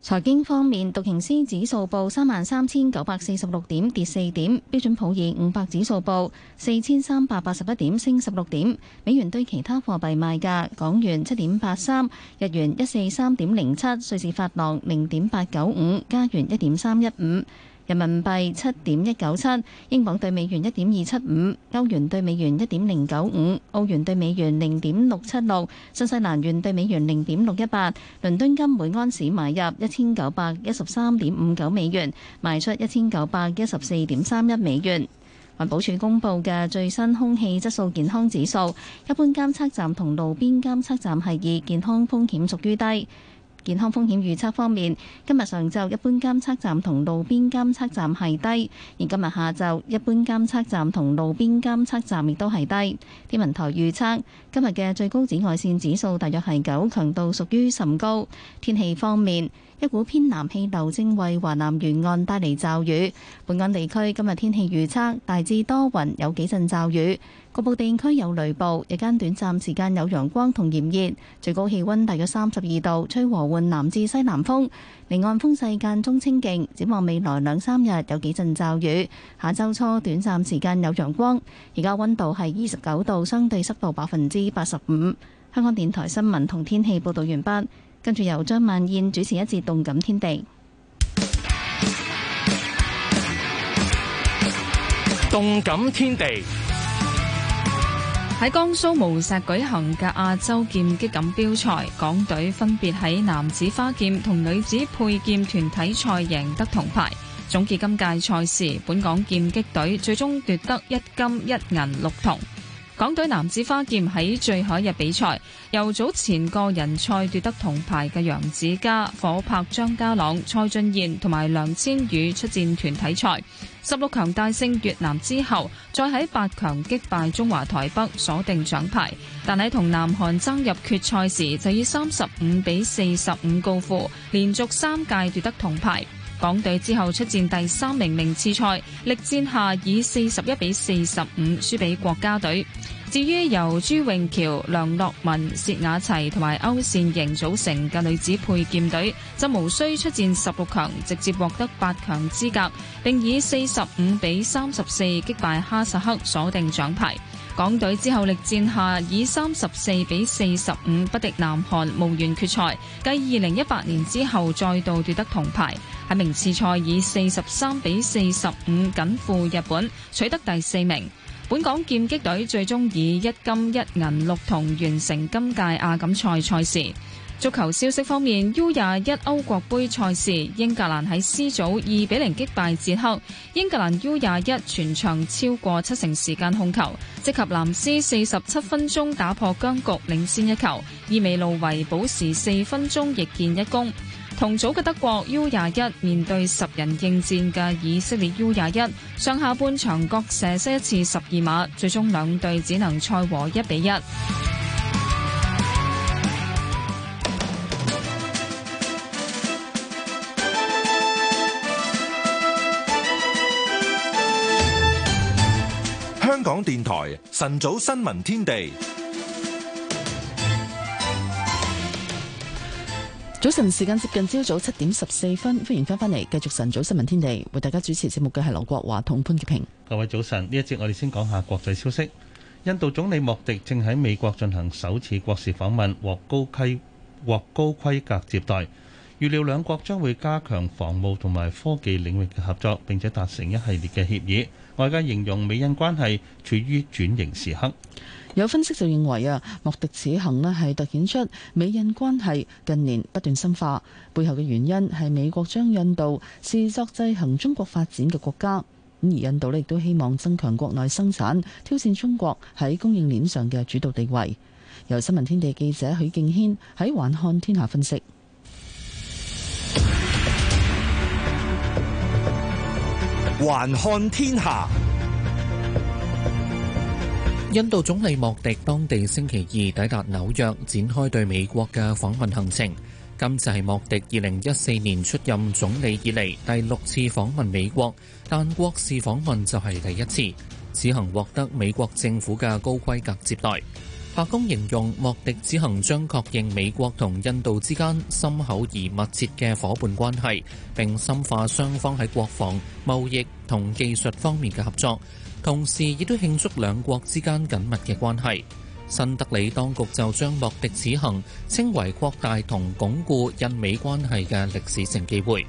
財經方面，道瓊斯指數報三萬三千九百四十六點，跌四點；標準普爾五百指數報四千三百八十一點，升十六點。美元對其他貨幣賣價，港元七點八三，日元一四三點零七，瑞士法郎零點八九五，加元一點三一五。人民幣七點一九七，英鎊對美元一點二七五，歐元對美元一點零九五，澳元對美元零點六七六，新西蘭元對美元零點六一八。倫敦金每安士買入一千九百一十三點五九美元，賣出一千九百一十四點三一美元。環保署公布嘅最新空氣質素健康指數，一般監測站同路邊監測站係二，健康風險屬於低。健康風險預測方面，今日上晝一般監測站同路邊監測站係低，而今日下晝一般監測站同路邊監測站亦都係低。天文台預測，今日嘅最高紫外線指數大約係九，強度屬於甚高。天氣方面。一股偏南氣流正為華南沿岸帶嚟驟雨，本港地區今日天，天氣預測大致多雲，有幾陣驟雨，局部地區有雷暴，日間短暫時間有陽光同炎熱，最高氣温大約三十二度，吹和緩南至西南風，離岸風勢間中清勁。展望未來兩三日有幾陣驟雨，下週初短暫時間有陽光。而家温度係二十九度，相對濕度百分之八十五。香港電台新聞同天氣報導完畢。跟住由張曼燕主持一次動感天地。動感天地，喺江蘇無錫舉行嘅亞洲劍擊錦標賽，港隊分別喺男子花劍同女子佩劍團體賽贏得銅牌。總結今屆賽事，本港劍擊隊最終奪得一金一銀六銅。港隊男子花劍喺最後一日比賽，由早前個人賽奪得銅牌嘅楊子嘉、夥拍張家朗、蔡俊彥同埋梁千羽出戰團體賽，十六強大勝越南之後，再喺八強擊敗中華台北，鎖定獎牌。但喺同南韓爭入決賽時，就以三十五比四十五告負，連續三屆奪得銅牌。港隊之後出戰第三名名次賽，力戰下以四十一比四十五輸俾國家隊。至於由朱永喬、梁樂文、薛雅齊同埋歐善瑩組成嘅女子佩劍隊，就無需出戰十六強，直接獲得八強資格，並以四十五比三十四擊敗哈薩克，鎖定獎牌。港隊之後力戰下，以三十四比四十五不敵南韓，無緣決賽，繼二零一八年之後再度奪得銅牌。喺名次賽以四十三比四十五僅負日本，取得第四名。本港劍擊隊最終以一金一銀六銅完成今屆亞錦賽賽事。足球消息方面，U 廿一歐國杯賽事，英格蘭喺 C 組二比零擊敗捷克。英格蘭 U 廿一全場超過七成時間控球，即及藍斯四十七分鐘打破僵局，領先一球。伊美路維補時四分鐘亦建一功。同組嘅德國 U 廿一面對十人應戰嘅以色列 U 廿一，上下半場各射失一次十二碼，最終兩隊只能賽和一比一。香港電台晨早新聞天地，早晨時間接近朝早七點十四分，歡迎翻返嚟，繼續晨早新聞天地，為大家主持節目嘅係劉國華同潘潔平。各位早晨，呢一節我哋先講下國際消息。印度總理莫迪正喺美國進行首次國事訪問，獲高規獲高規格接待，預料兩國將會加強防務同埋科技領域嘅合作，並且達成一系列嘅協議。外界形容美印關係處於轉型時刻，有分析就認為啊，莫迪此行咧係凸顯出美印關係近年不斷深化，背後嘅原因係美國將印度視作制衡中國發展嘅國家。咁而印度咧亦都希望增強國內生產挑戰中國喺供應鏈上嘅主導地位。由新聞天地記者許敬軒喺還看天下分析。 環看天下，印度總理莫迪當地星期二抵達紐約，展開對美國嘅訪問行程。今次係莫迪二零一四年出任總理以嚟第六次訪問美國，但國事訪問就係第一次。此行獲得美國政府嘅高規格接待。白宮形容莫迪此行將確認美國同印度之間深厚而密切嘅夥伴關係，並深化雙方喺國防、貿易同技術方面嘅合作，同時亦都慶祝兩國之間緊密嘅關係，新德里當局就將莫迪此行稱為擴大同鞏固印美關係嘅歷史性機會。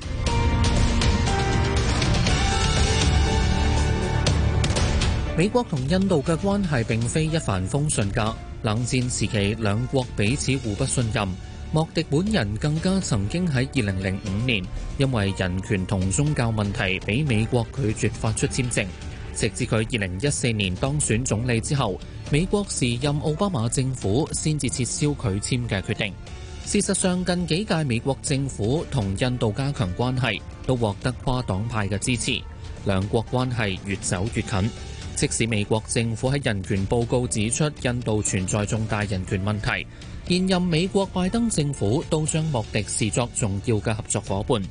美國同印度嘅關係並非一帆風順噶。冷戰時期兩國彼此互不信任，莫迪本人更加曾經喺二零零五年因為人權同宗教問題俾美國拒絕發出簽證，直至佢二零一四年當選總理之後，美國時任奧巴馬政府先至撤銷拒簽嘅決定。事實上，近幾屆美國政府同印度加強關係都獲得跨黨派嘅支持，兩國關係越走越近。即使美國政府喺人權報告指出印度存在重大人權問題，現任美國拜登政府都將莫迪視作重要嘅合作伙伴，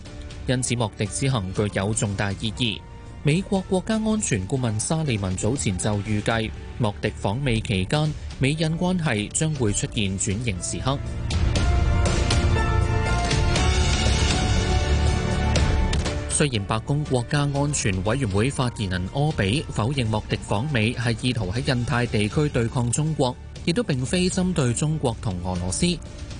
因此莫迪之行具有重大意義。美國國家安全顧問沙利文早前就預計，莫迪訪美期間，美印關係將會出現轉型時刻。雖然白宮國家安全委員會發言人柯比否認莫迪訪美係意圖喺印太地區對抗中國，亦都並非針對中國同俄羅斯。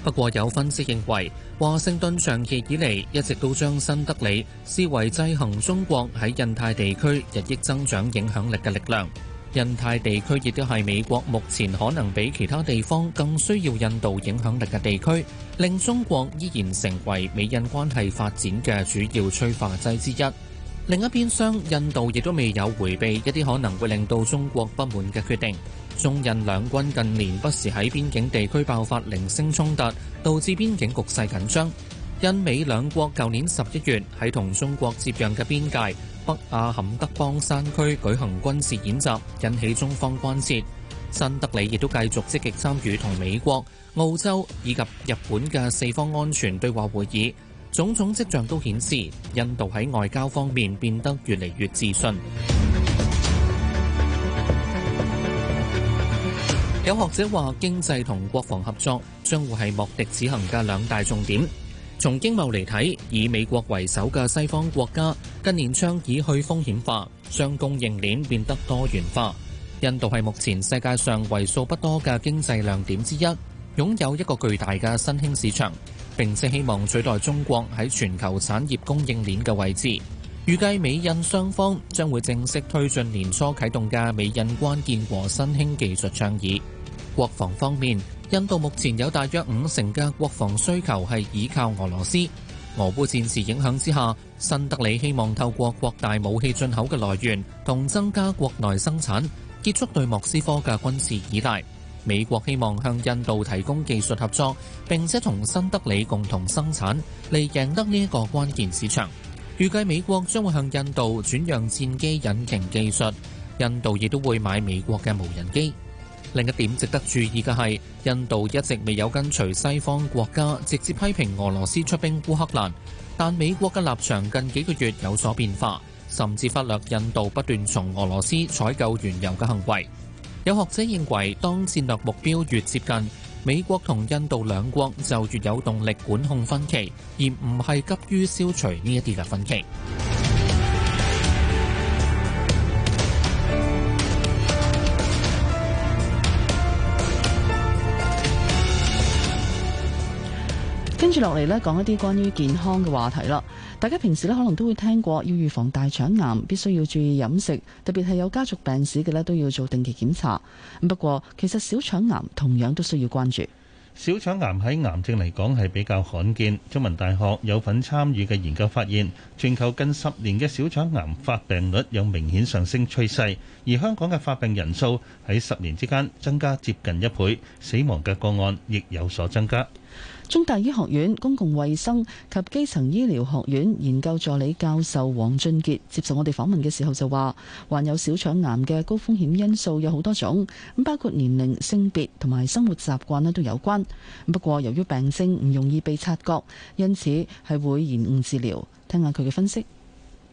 不過有分析認為，華盛頓長期以嚟一直都將新德里視為制衡中國喺印太地區日益增長影響力嘅力量。印太地區亦都係美國目前可能比其他地方更需要印度影響力嘅地區，令中國依然成為美印關係發展嘅主要催化劑之一。另一邊廂，印度亦都未有回避一啲可能會令到中國不滿嘅決定。中印兩軍近年不時喺邊境地區爆發零星衝突，導致邊境局勢緊張，印美兩國舊年十一月喺同中國接壤嘅邊界。北阿坎德邦山區舉行軍事演習，引起中方關切。新德里亦都繼續積極參與同美國、澳洲以及日本嘅四方安全對話會議，種種跡象都顯示，印度喺外交方面變得越嚟越自信。 有學者話，經濟同國防合作將會係莫迪此行嘅兩大重點。從經貿嚟睇，以美國為首嘅西方國家近年將以去風險化，將供應鏈變得多元化。印度係目前世界上為數不多嘅經濟亮點之一，擁有一個巨大嘅新興市場，並且希望取代中國喺全球產業供應鏈嘅位置。預計美印雙方將會正式推進年初啟動嘅美印關鍵和新興技術倡議。國防方面。印度目前有大約五成嘅國防需求係倚靠俄羅斯。俄烏戰事影響之下，新德里希望透過擴大武器進口嘅來源同增加國內生產，結束對莫斯科嘅軍事依賴。美國希望向印度提供技術合作，並且同新德里共同生產嚟贏得呢一個關鍵市場，預計美國將會向印度轉讓戰機引擎技術，印度亦都會買美國嘅無人機。另一點值得注意嘅係，印度一直未有跟隨西方國家直接批評俄羅斯出兵烏克蘭，但美國嘅立場近幾個月有所變化，甚至忽略印度不斷從俄羅斯採購原油嘅行為。有學者認為，當戰略目標越接近，美國同印度兩國就越有動力管控分歧，而唔係急於消除呢一啲嘅分歧。跟住落嚟呢，講一啲關於健康嘅話題啦。大家平時呢可能都會聽過，要預防大腸癌，必須要注意飲食，特別係有家族病史嘅，呢都要做定期檢查。不過，其實小腸癌同樣都需要關注。小腸癌喺癌症嚟講係比較罕見。中文大學有份參與嘅研究發現，全球近十年嘅小腸癌發病率有明顯上升趨勢，而香港嘅發病人數喺十年之間增加接近一倍，死亡嘅個案亦有所增加。中大醫學院公共衛生及基層醫療學院研究助理教授黃俊傑接受我哋訪問嘅時候就話，患有小腸癌嘅高風險因素有好多種，咁包括年齡、性別同埋生活習慣咧都有關。不過由於病症唔容易被察覺，因此係會延誤治療。聽下佢嘅分析。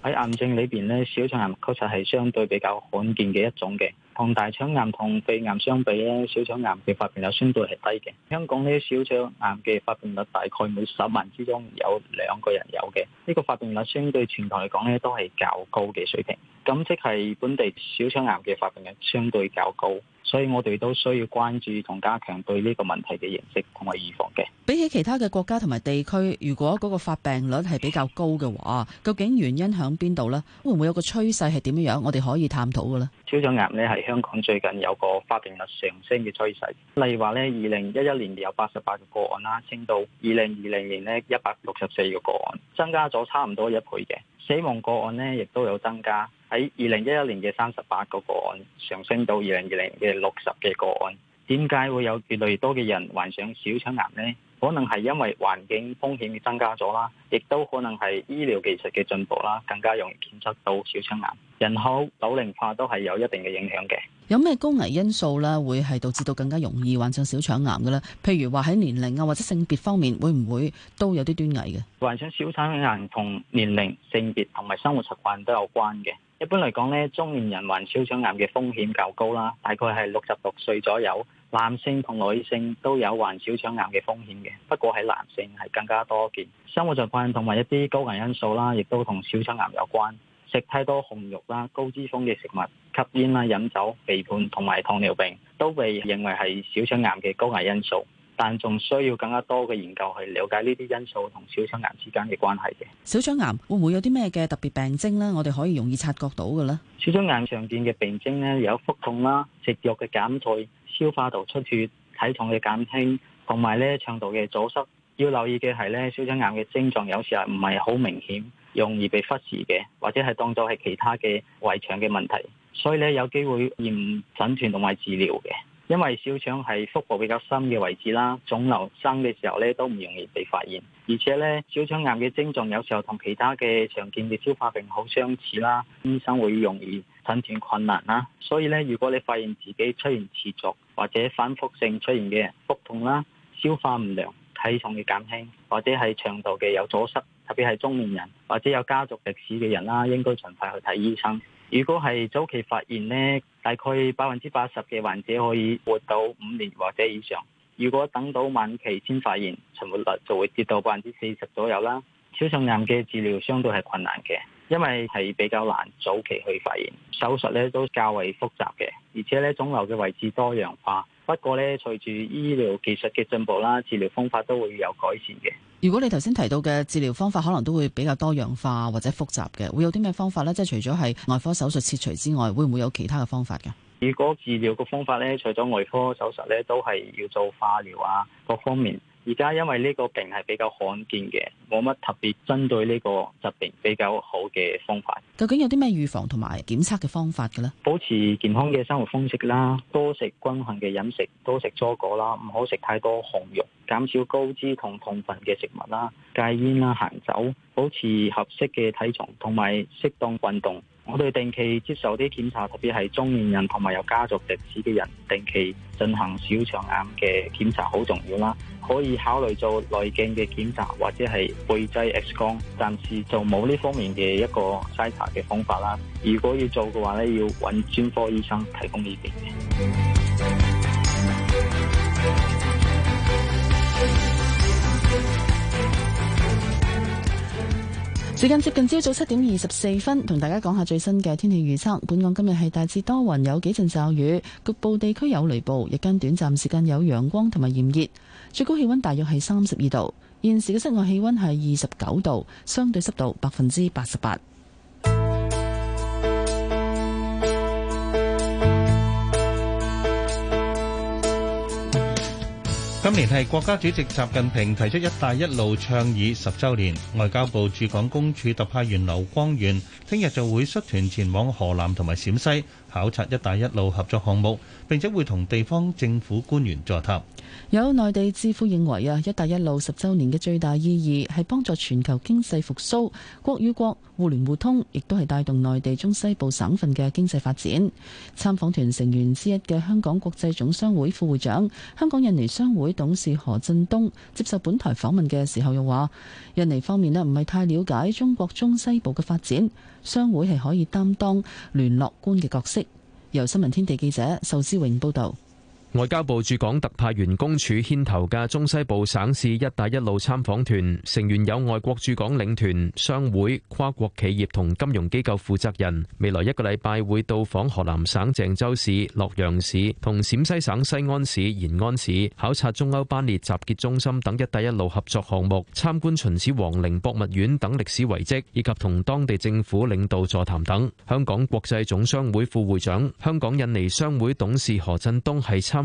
喺癌症裏邊咧，小腸癌確實係相對比較罕見嘅一種嘅。同大腸癌同肺癌相比咧，小腸癌嘅發病率相對係低嘅。香港呢，小腸癌嘅發病率大概每十萬之中有兩個人有嘅，呢個發病率相對全球嚟講咧都係較高嘅水平。咁即係本地小腸癌嘅發病率相對較高。所以我哋都需要關注同加強對呢個問題嘅認識同埋預防嘅。比起其他嘅國家同埋地區，如果嗰個發病率係比較高嘅話，究竟原因響邊度呢？會唔會有個趨勢係點樣樣？我哋可以探討嘅咧。超長癌咧係香港最近有個發病率上升嘅趨勢。例如話咧，二零一一年有八十八個個案啦，升到二零二零年呢一百六十四個個案。增加咗差唔多一倍嘅，死亡個案呢，亦都有增加。喺二零一一年嘅三十八個個案，上升到二零二零嘅六十嘅個案。點解會有越嚟越多嘅人患上小腸癌呢？可能係因為環境風險嘅增加咗啦，亦都可能係醫療技術嘅進步啦，更加容易檢測到小腸癌。人口老齡化都係有一定嘅影響嘅。有咩高危因素咧，會係導致到更加容易患上小腸癌嘅咧？譬如話喺年齡啊，或者性別方面，會唔會都有啲端倪嘅？患上小腸癌同年齡、性別同埋生活習慣都有關嘅。一般嚟講咧，中年人患小腸癌嘅風險較高啦，大概係六十六歲左右。男性同女性都有患小腸癌嘅風險嘅，不過喺男性係更加多見。生活習慣同埋一啲高危因素啦，亦都同小腸癌有關。食太多紅肉啦，高脂肪嘅食物。吸煙啦、飲酒、肥胖同埋糖尿病都被認為係小腸癌嘅高危因素，但仲需要更加多嘅研究去了解呢啲因素同小腸癌之間嘅關係嘅。小腸癌會唔會有啲咩嘅特別病徵咧？我哋可以容易察覺到嘅咧？小腸癌常見嘅病徵咧，有腹痛啦、食欲嘅減退、消化道出血、體重嘅減輕，同埋咧腸道嘅阻塞。要留意嘅係咧，小腸癌嘅症狀有時候唔係好明顯，容易被忽視嘅，或者係當作係其他嘅胃腸嘅問題。所以咧有機會驗診斷同埋治療嘅，因為小腸係腹部比較深嘅位置啦，腫瘤生嘅時候咧都唔容易被發現，而且咧小腸癌嘅症狀有時候同其他嘅常見嘅消化病好相似啦，醫生會容易診斷困難啦，所以咧如果你發現自己出現持續或者反覆性出現嘅腹痛啦、消化唔良、體重嘅減輕或者係腸道嘅有阻塞，特別係中年人或者有家族歷史嘅人啦，應該儘快去睇醫生。如果係早期發現呢，大概百分之八十嘅患者可以活到五年或者以上。如果等到晚期先發現，存活率就會跌到百分之四十左右啦。小腸癌嘅治療相對係困難嘅，因為係比較難早期去發現，手術咧都較為複雜嘅，而且咧腫瘤嘅位置多樣化。不過咧，隨住醫療技術嘅進步啦，治療方法都會有改善嘅。如果你頭先提到嘅治療方法，可能都會比較多樣化或者複雜嘅，會有啲咩方法呢？即係除咗係外科手術切除之外，會唔會有其他嘅方法嘅？如果治療嘅方法咧，除咗外科手術咧，都係要做化療啊，各方面。而家因為呢個病係比較罕見嘅，冇乜特別針對呢個疾病比較好嘅方法。究竟有啲咩預防同埋檢測嘅方法嘅咧？保持健康嘅生活方式啦，多食均衡嘅飲食，多食蔬果啦，唔好食太多紅肉，減少高脂同糖分嘅食物啦，戒煙啦，限酒，保持合適嘅體重，同埋適當運動。我哋定期接受啲檢查，特別係中年人同埋有家族歷史嘅人，定期進行小腸癌嘅檢查好重要啦。可以考慮做內鏡嘅檢查或者係背脊 X 光，暫時就冇呢方面嘅一個篩查嘅方法啦。如果要做嘅話咧，要揾專科醫生提供意見。時間接近朝早七點二十四分，同大家講下最新嘅天氣預測。本港今日係大致多雲，有幾陣驟雨，局部地區有雷暴，日間短暫時間有陽光同埋炎熱，最高氣溫大約係三十二度。現時嘅室外氣溫係二十九度，相對濕度百分之八十八。今年係國家主席習近平提出「一帶一路」倡議十週年，外交部駐港公署特派員劉光源聽日就會率團前往河南同埋陝西。考察“一帶一路”合作項目，並且會同地方政府官員座談。有內地智庫認為啊，“一帶一路”十周年嘅最大意義係幫助全球經濟復甦，國與國互聯互通，亦都係帶動內地中西部省份嘅經濟發展。參訪團成員之一嘅香港國際總商會副會長、香港印尼商會董事何振東接受本台訪問嘅時候又話，印尼方面呢唔係太了解中國中西部嘅發展。商會係可以擔當聯絡官嘅角色，由新聞天地記者壽思榮報道。外交部駐港特派員公署牽頭嘅中西部省市“一帶一路”參訪團成員有外國駐港領團、商會、跨國企業同金融機構負責人，未來一個禮拜會到訪河南省鄭州市、洛陽市同陝西省西安市、延安市，考察中歐班列集結中心等“一帶一路”合作項目，參觀秦始皇陵博物院等歷史遺跡，以及同當地政府領導座談等。香港國際總商會副會長、香港印尼商會董事何振東係參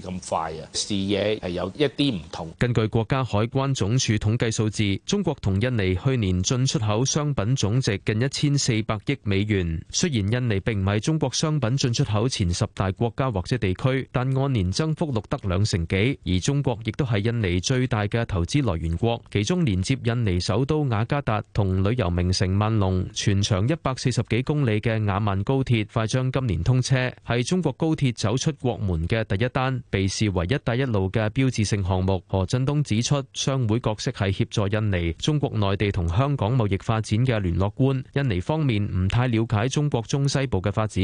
咁快啊！視野係有一啲唔同。根據國家海關總署統計數字，中國同印尼去年進出口商品總值近一千四百億美元。雖然印尼並唔係中國商品進出口前十大國家或者地區，但按年增幅錄得兩成幾。而中國亦都係印尼最大嘅投資來源國。其中連接印尼首都雅加達同旅遊名城萬隆，全長一百四十幾公里嘅雅萬高鐵快將今年通車，係中國高鐵走出國門嘅第一單。被視為一帶一路嘅標誌性項目。何振東指出，商會角色係協助印尼、中國內地同香港貿易發展嘅聯絡官。印尼方面唔太了解中國中西部嘅發展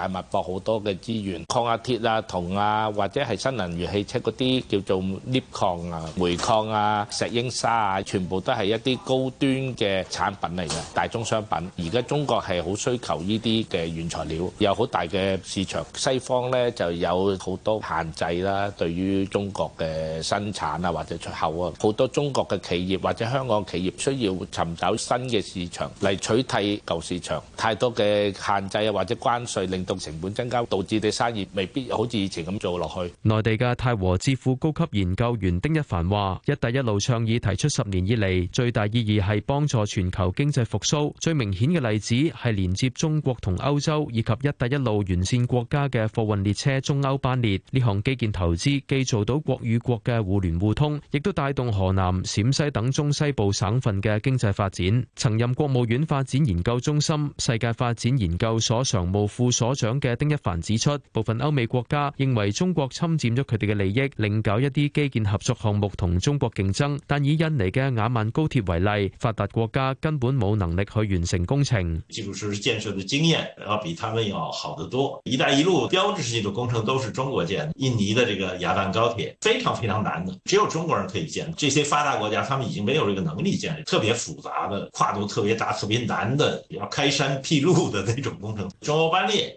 大物博好多嘅資源，礦啊、鐵啊、銅啊，或者係新能源汽車嗰啲叫做鎳礦啊、煤礦啊、石英砂啊，全部都係一啲高端嘅產品嚟嘅大宗商品。而家中國係好需求呢啲嘅原材料，有好大嘅市場。西方呢就有好多限制啦，對於中國嘅生產啊或者出口啊，好多中國嘅企業或者香港企業需要尋找新嘅市場嚟取替舊市場。太多嘅限制啊或者關稅令。用成本增加，導致啲生意未必好似以前咁做落去。內地嘅泰和智庫高級研究員丁一凡話，一帶一路倡議提出十年以嚟最大意義係幫助全球經濟復甦，最明顯嘅例子係連接中國同歐洲以及一帶一路沿線國家嘅貨運列車中歐班列。呢項基建投資既做到國與國嘅互聯互通，亦都帶動河南、陝西等中西部省份嘅經濟發展。曾任國務院發展研究中心世界發展研究所常務副所長長嘅丁一凡指出，部分歐美國家認為中國侵占咗佢哋嘅利益，另搞一啲基建合作項目同中國競爭。但以印尼嘅雅萬高鐵為例，發達國家根本冇能力去完成工程。基礎設施建設嘅經驗要比他們要好得多。一帶一路標誌性嘅工程都是中國建，印尼的這個雅萬高鐵非常非常難的，只有中國人可以建。這些發達國家，他們已經沒有呢個能力建特別複雜的跨度特別大、特別難的要開山辟路的那種工程。中歐班列，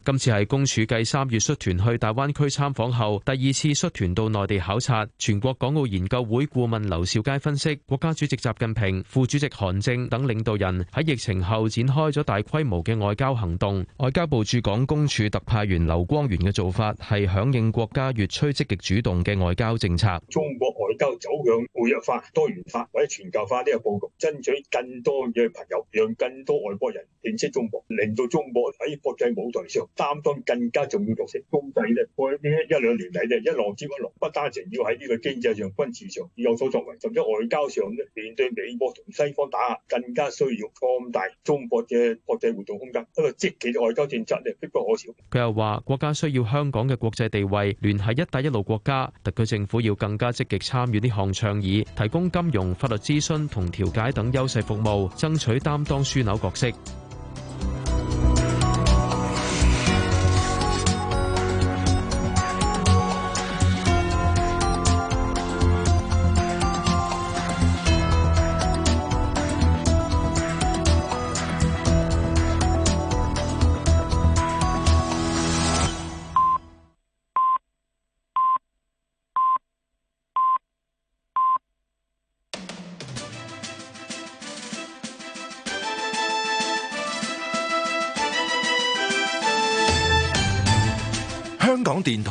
今次係公署繼三月率團去大灣區參訪後，第二次率團到內地考察。全國港澳研究會顧問劉兆佳分析，國家主席習近平、副主席韓正等領導人喺疫情後展開咗大規模嘅外交行動。外交部駐港公署特派員劉光源嘅做法係響應國家越趨積極主動嘅外交政策。中國外交走向多元化、多元化或者全球化呢個佈局，爭取更多嘅朋友，讓更多外國人認識中國，令到中國喺國際舞台上。擔當更加重要角色。公仔咧一兩年嚟，呢一浪接一浪，不單止要喺呢個經濟上、軍事上有所作為，甚至外交上面對美國同西方打壓，更加需要擴大中國嘅國際活動空間。一個積極嘅外交政策咧，必不可少。佢又話：國家需要香港嘅國際地位，聯繫一帶一路國家。特區政府要更加積極參與呢項倡議，提供金融、法律諮詢同調解等優勢服務，爭取擔當樞紐角色。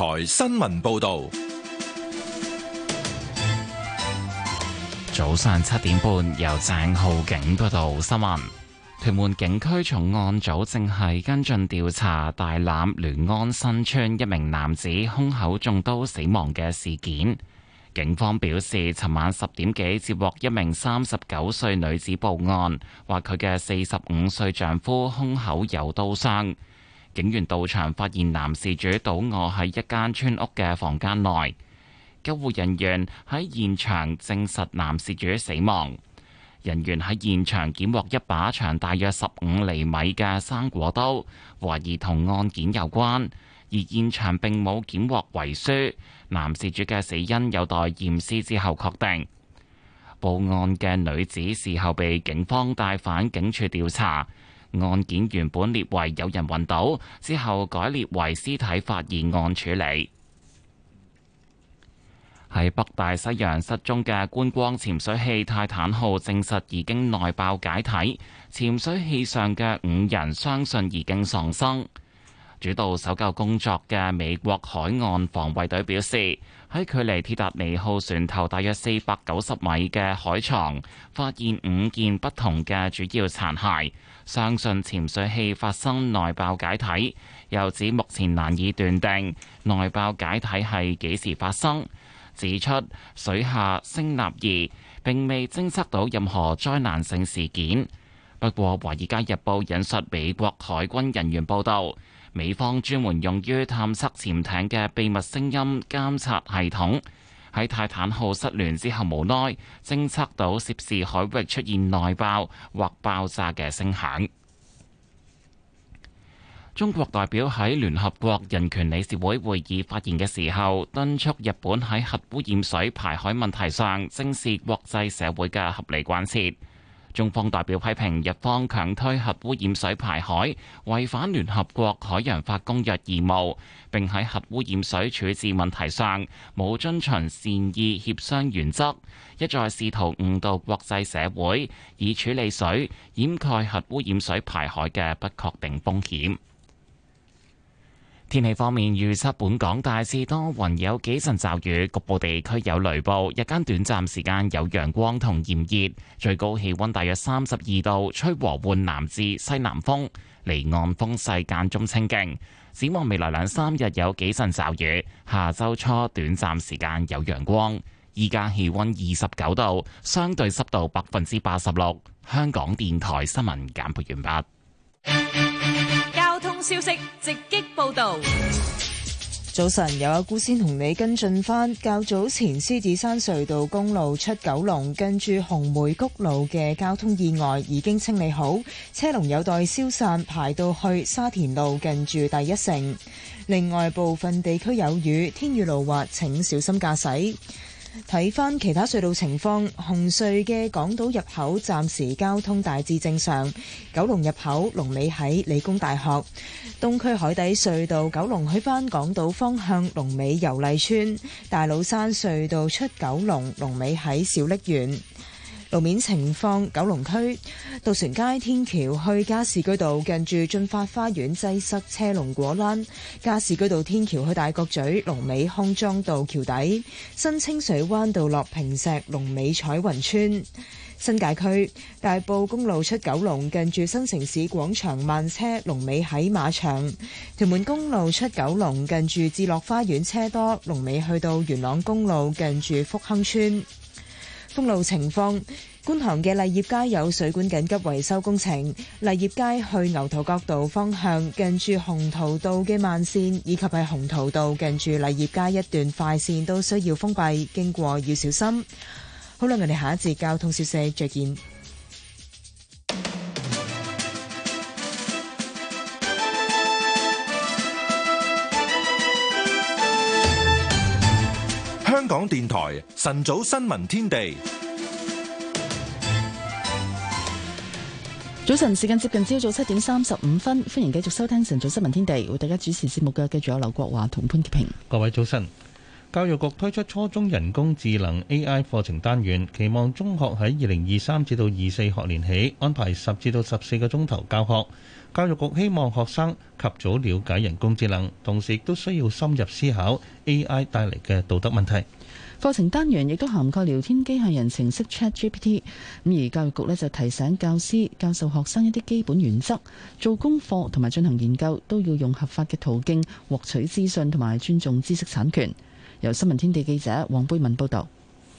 台新聞報道，早上七點半由鄭浩景報道新聞。屯門警區重案組正係跟進調查大欖聯安新村一名男子胸口中刀死亡嘅事件。警方表示，尋晚十點幾接獲一名三十九歲女子報案，話佢嘅四十五歲丈夫胸口有刀傷。警員到場，發現男事主倒臥喺一間村屋嘅房間內。救護人員喺現場證實男事主死亡。人員喺現場檢獲一把長大約十五厘米嘅生果刀，懷疑同案件有關。而現場並冇檢獲遺書。男事主嘅死因有待驗屍之後確定。報案嘅女子事後被警方帶返警署調查。案件原本列為有人暈倒，之後改列為屍體發現案處理。喺北大西洋失蹤嘅觀光潛水器泰坦號證實已經內爆解體，潛水器上嘅五人相信已經喪生。主導搜救工作嘅美國海岸防衛隊表示，喺距離鐵達尼號船頭大約四百九十米嘅海床，發現五件不同嘅主要殘骸。相信潛水器發生內爆解體，又指目前難以斷定內爆解體係幾時發生。指出水下聲納儀並未偵測到任何災難性事件。不過，《華爾街日報》引述美國海軍人員報導，美方專門用於探測潛艇嘅秘密聲音監察系統。喺泰坦號失聯之後，無奈偵測到涉事海域出現內爆或爆炸嘅聲響。中國代表喺聯合國人權理事會會議發言嘅時候，敦促日本喺核污染水排海問題上正視國際社會嘅合理關切。中方代表批評日方強推核污染水排海，違反聯合國海洋法公約義務，並喺核污染水處置問題上冇遵循善意協商原則，一再試圖誤導國際社會，以處理水掩蓋核污染水排海嘅不確定風險。天氣方面，預測本港大致多雲，有幾陣驟雨，局部地區有雷暴，日間短暫時間有陽光同炎熱，最高氣溫大約三十二度，吹和緩南至西南風，離岸風勢間中清勁。展望未來兩三日有幾陣驟雨，下周初短暫時間有陽光。依家氣溫二十九度，相對濕度百分之八十六。香港電台新聞簡報完畢。 消息直擊報道。早晨，有阿姑先同你跟進返較早前獅子山隧道公路出九龍近住紅梅谷路嘅交通意外已經清理好，車龍有待消散，排到去沙田路近住第一城。另外，部分地區有雨，天雨路滑，請小心駕駛。睇返其他隧道情況，紅隧嘅港島入口暫時交通大致正常。九龍入口龍尾喺理工大學，東區海底隧道九龍去返港島方向龍尾油麗村，大老山隧道出九龍龍尾喺小瀝源。路面情況：九龍區渡船街天橋去加士居道，近住進發花園擠塞車龍果欄；加士居道天橋去大角咀龍尾康莊道橋底；新清水灣道落坪石龍尾彩雲村；新界區大埔公路出九龍，近住新城市廣場慢車龍尾喺馬場；屯門公路出九龍，近住置樂花園車多龍尾去到元朗公路近住福亨村。封路情況，觀塘嘅勵業街有水管緊急維修工程，勵業街去牛頭角道方向，近住鴻圖道嘅慢線，以及喺鴻圖道近住勵業街一段快線都需要封閉，經過要小心。好啦，我哋下一節交通消息再見。港電台晨早新聞天地，早晨時間接近朝早七點三十五分，歡迎繼續收聽晨早新聞天地，為大家主持節目嘅繼續有劉國華同潘潔平。各位早晨，教育局推出初中人工智能 AI 課程單元，期望中學喺二零二三至到二四學年起安排十至到十四個鐘頭教學。教育局希望學生及早了解人工智能，同時亦都需要深入思考 AI 帶嚟嘅道德問題。課程單元亦都涵蓋聊天機械人程式 ChatGPT，咁而教育局呢就提醒教師教授學生一啲基本原則，做功課同埋進行研究都要用合法嘅途徑獲取資訊同埋尊重知識產權。由新聞天地記者黃貝文報道。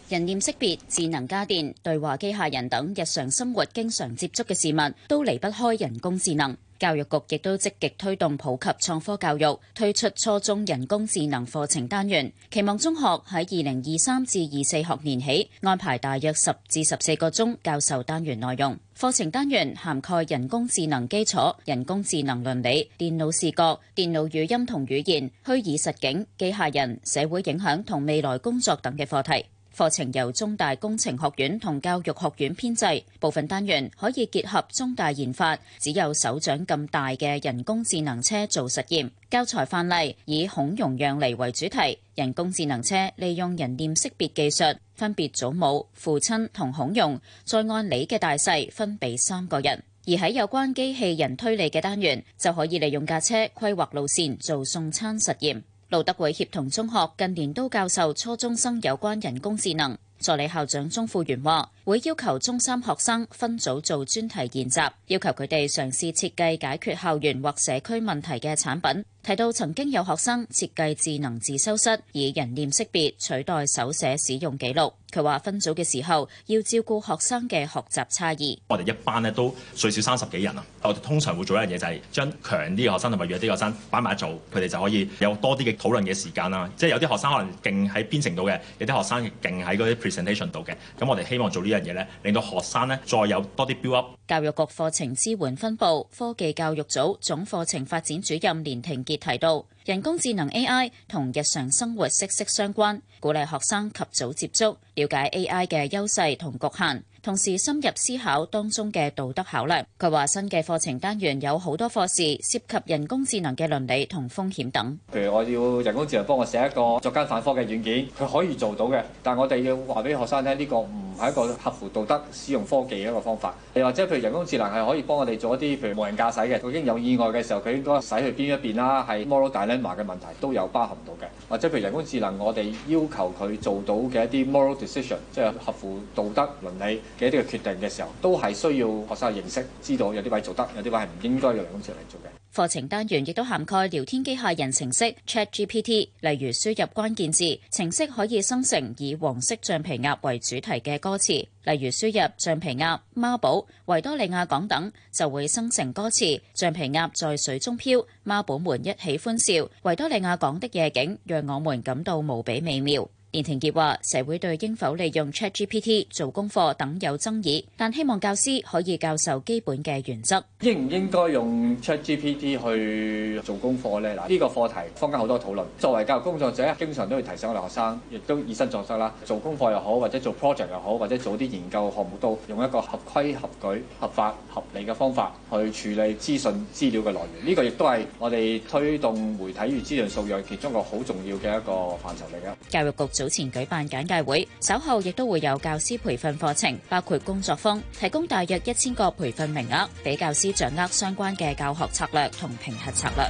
人臉識別、智能家電、對話機械人等日常生活經常接觸嘅事物，都離不開人工智能。教育局亦都積極推動普及創科教育，推出初中人工智能課程單元，期望中學喺二零二三至二四學年起安排大約十至十四個鐘教授單元內容。課程單元涵蓋人工智能基礎、人工智能倫理、電腦視覺、電腦語音同語言、虛擬實景、機械人、社會影響同未來工作等嘅課題。課程由中大工程學院同教育學院編制，部分單元可以結合中大研發只有手掌咁大嘅人工智能車做實驗。教材範例以孔融讓梨為主題，人工智能車利用人臉識別技術分別祖母、父親同孔融，再按梨嘅大細分俾三個人。而喺有關機器人推理嘅單元，就可以利用駕車規劃路線做送餐實驗。路德會協同中學近年都教授初中生有關人工智能，助理校長鍾富源話，會要求中三學生分組做專題研習，要求佢哋嘗試設計解決校園或社區問題嘅產品。提到曾經有學生設計智能自修室，以人臉識別取代手寫使用記錄。佢話分組嘅時候要照顧學生嘅學習差異。我哋一班咧都最少三十幾人啊，我哋通常會做一樣嘢，就係將強啲嘅學生同埋弱啲嘅學生擺埋一組，佢哋就可以有多啲嘅討論嘅時間啦。即係有啲學生可能勁喺編程度嘅，有啲學生勁喺嗰啲 presentation 度嘅，咁我哋希望做呢樣嘢咧，令到學生咧再有多啲 build up。教育局課程支援分部科技教育組總課程發展主任連庭傑提到人工智能 AI 同日常生活息息相關，鼓勵學生及早接觸，了解 AI 嘅優勢同局限。同時深入思考當中嘅道德考量。佢話：新嘅課程單元有好多課時涉及人工智能嘅倫理同風險等。譬如我要人工智能幫我寫一個作奸犯科嘅軟件，佢可以做到嘅，但我哋要話俾學生聽，呢、呢個唔係一個合乎道德使用科技嘅一個方法。又或者譬如人工智能係可以幫我哋做一啲譬如無人駕駛嘅，已經有意外嘅時候，佢應該駛去邊一邊啦，係 moral dilemma 嘅問題都有包含到嘅。或者譬如人工智能我，智能我哋要求佢做到嘅一啲 moral decision，即係合乎道德倫理，嘅一個嘅決定嘅時候，都係需要學生認識，知道有啲位做得，有啲位係唔應該用人工智能嚟做嘅。課程單元亦都涵蓋聊天機械人程式 ChatGPT，例如輸入關鍵字，程式可以生成以黃色橡皮鴨為主題嘅歌詞，例如輸入橡皮鴨、孖寶、維多利亞港等，就會生成歌詞。橡皮鴨在水中飄，孖寶們一起歡笑，維多利亞港的夜景讓我們感到無比美妙。言庭杰話，社會對應否利用 ChatGPT 做功課等有爭議，但希望教師可以教授基本嘅原則。應唔應該用 ChatGPT 去做功課呢？嗱，呢個課題坊間好多討論。作為教育工作者，經常都要提醒我哋學生，亦都以身作則啦。做功課又好，或者做 project 又好，或者做啲研究項目都用一個合規、合矩、合法、合理嘅方法去處理資訊資料嘅來源。呢個亦都係我哋推動媒體與資訊素養其中一個好重要嘅一個範疇嚟嘅。教育局早前舉辦簡介會，稍後亦都會有教師培訓課程，包括工作坊，提供大約一千個培訓名額，俾教師掌握相關嘅教學策略同評核策略。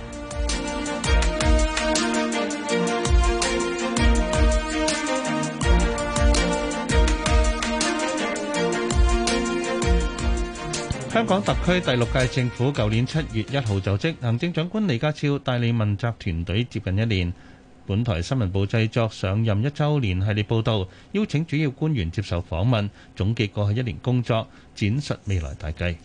香港特區第六屆政府，舊年七月一號就職，行政長官李家超帶領問責團隊接近一年。本台新聞部製作上任一週年系列報導，邀請主要官員接受訪問，總結過去一年工作，展述未來大計。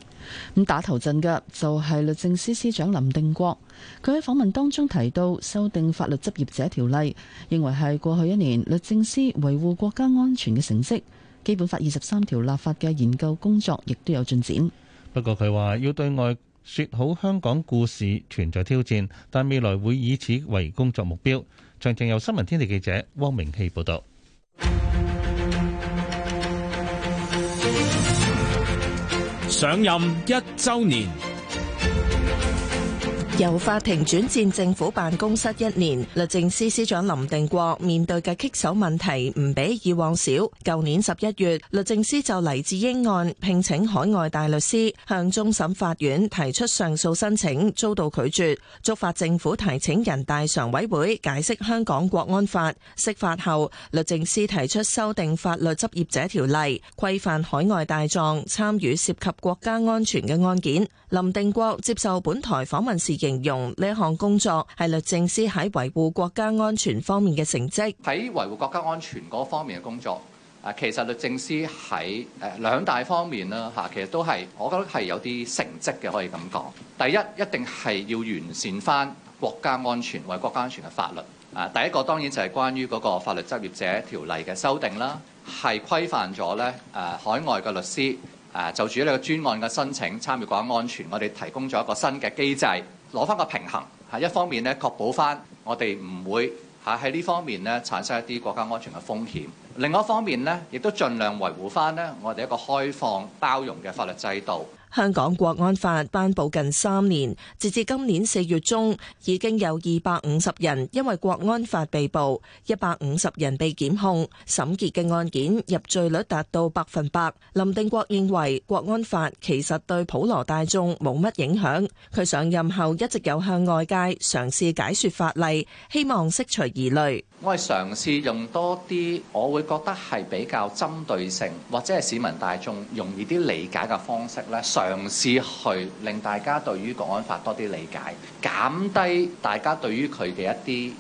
咁打頭陣嘅就係律政司司長林定國，佢喺訪問當中提到修訂法律執業者條例，認為係過去一年律政司維護國家安全嘅成績。基本法二十三條立法嘅研究工作亦都有進展。不過佢話要對外説好香港故事存在挑戰，但未來會以此為工作目標。詳情由新聞天地記者汪明希報道。上任一周年。由法庭轉戰政府辦公室，一年，律政司司長林定國面對嘅棘手問題唔比以往少。舊年形容呢項工作係律政司喺維護國家安全方面嘅成績，喺維護國家安全嗰方面嘅工作啊，其實律政司喺誒兩大方面啦吓，其實都係我覺得係有啲成績嘅，可以咁講。第一，一定係要完善翻國家安全，為國家安全嘅法律啊。第一個當然就係關於嗰個法律執業者條例嘅修訂啦，係規範咗咧誒海外嘅律師誒就住呢個專案嘅申請參與國家安全，我哋提供咗一個新嘅機制。攞返個平衡，一方面呢，確保返我哋唔會嚇喺呢方面呢，產生一啲國家安全嘅風險；另外一方面呢，亦都盡量維護返我哋一個開放包容嘅法律制度。香港國安法頒布近三年，直至今年四月中，已經有二百五十人因為國安法被捕，一百五十人被檢控。審結嘅案件入罪率達到百分百。林定國認為國安法其實對普羅大眾冇乜影響。佢上任後一直有向外界嘗試解說法例，希望釋除疑慮。我係嘗試用多啲，我會覺得係比較針對性或者係市民大眾容易啲理解嘅方式咧。嘗試去令大家對於《國安法》多啲理解，減低大家對於佢嘅一啲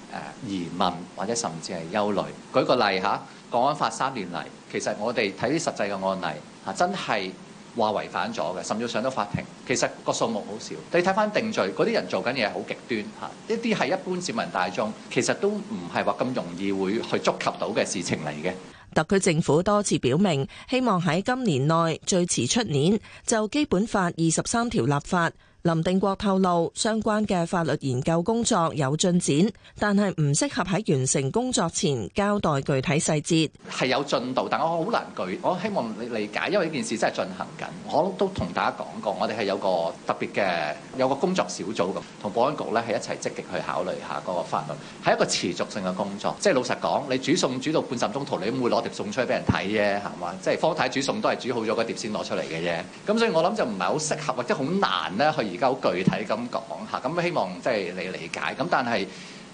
誒疑問或者甚至係憂慮。舉個例嚇，《國安法》三年嚟，其實我哋睇啲實際嘅案例嚇，真係話違反咗嘅，甚至上到法庭，其實個數目好少。你睇返定罪嗰啲人做緊嘢好極端嚇，一啲係一般市民大眾，其實都唔係話咁容易會去觸及到嘅事情嚟嘅。特區政府多次表明，希望喺今年內最遲出年就《基本法》二十三條立法。林定國透露，相關嘅法律研究工作有進展，但係唔適合喺完成工作前交代具體細節。係有進度，但我好難具，我希望你理解，因為呢件事真係進行緊。我都同大家講過，我哋係有個特別嘅，有個工作小組咁，同保安局咧係一齊積極去考慮下嗰個法律，係一個持續性嘅工作。即係老實講，你煮餸煮到半陣中途，你唔會攞碟餸出嚟俾人睇啫，係嘛？即係方太煮餸都係煮好咗個碟先攞出嚟嘅啫。咁所以我諗就唔係好適合，或者好難咧去。夠具體咁講吓，咁希望即係你理解。咁但係誒、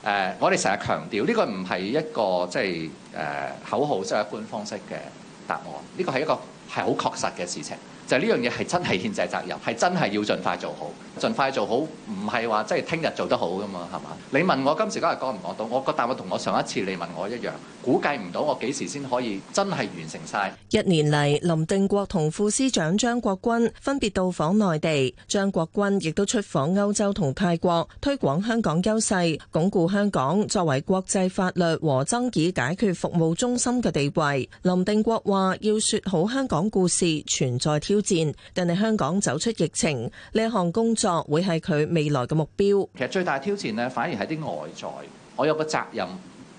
呃，我哋成日強調呢、這個唔係一個即係誒、呃、口號，即係一般方式嘅答案。呢、這個係一個係好確實嘅事情，就係呢樣嘢係真係憲制責任，係真係要盡快做好。盡快做好，唔係話即係聽日做得好噶嘛，係嘛？你問我今時今日講唔講到？我個答案同我上一次你問我一樣，估計唔到我幾時先可以真係完成晒。一年嚟，林定國同副司長張國軍分別到訪內地，張國軍亦都出訪歐洲同泰國，推廣香港優勢，鞏固香港作為國際法律和爭議解決服務中心嘅地位。林定國話，要說好香港故事存在挑戰，但係香港走出疫情呢項工。作會係佢未來嘅目標。其實最大挑戰咧，反而係啲外在。我有個責任，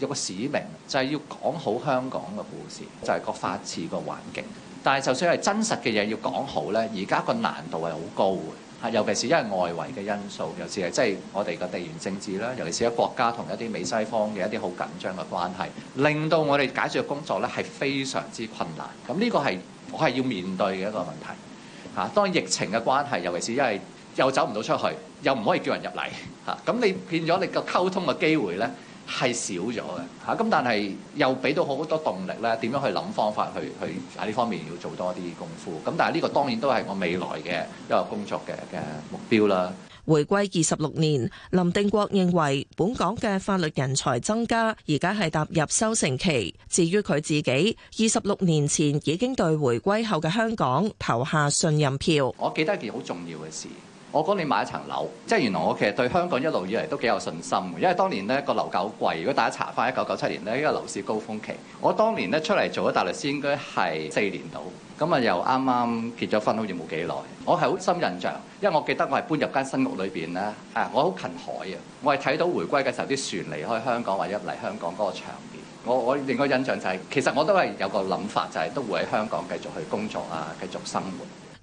有個使命，就係要講好香港嘅故事，就係個法治個環境。但係，就算係真實嘅嘢要講好咧，而家個難度係好高嘅嚇，尤其是因為外圍嘅因素，尤其是即係我哋嘅地緣政治啦，尤其是喺國家同一啲美西方嘅一啲好緊張嘅關係，令到我哋解決工作咧係非常之困難。咁呢個係我係要面對嘅一個問題嚇、啊。當疫情嘅關係，尤其是因為。又走唔到出去，又唔可以叫人入嚟吓。咁你變咗，你個溝通嘅機會咧係少咗嘅吓。咁但係又俾到好多動力咧，點樣去諗方法去去喺呢方面要做多啲功夫。咁但係呢個當然都係我未來嘅一個工作嘅嘅目標啦。回歸二十六年，林定國認為本港嘅法律人才增加，而家係踏入收成期。至於佢自己，二十六年前已經對回歸後嘅香港投下信任票。我記得一件好重要嘅事。我嗰年買一層樓，即係原來我其實對香港一路以嚟都幾有信心，因為當年呢個樓價好貴。如果大家查翻一九九七年咧，呢個樓市高峰期，我當年呢出嚟做咗大律師應該係四年到，咁啊又啱啱結咗婚，好似冇幾耐。我係好深印象，因為我記得我係搬入間新屋裏邊呢。啊，我好近海啊，我係睇到回歸嘅時候啲船離開香港或者嚟香港嗰個場面。我，我另外印象就係，其實我都係有個諗法，就係都會喺香港繼續去工作啊，繼續生活。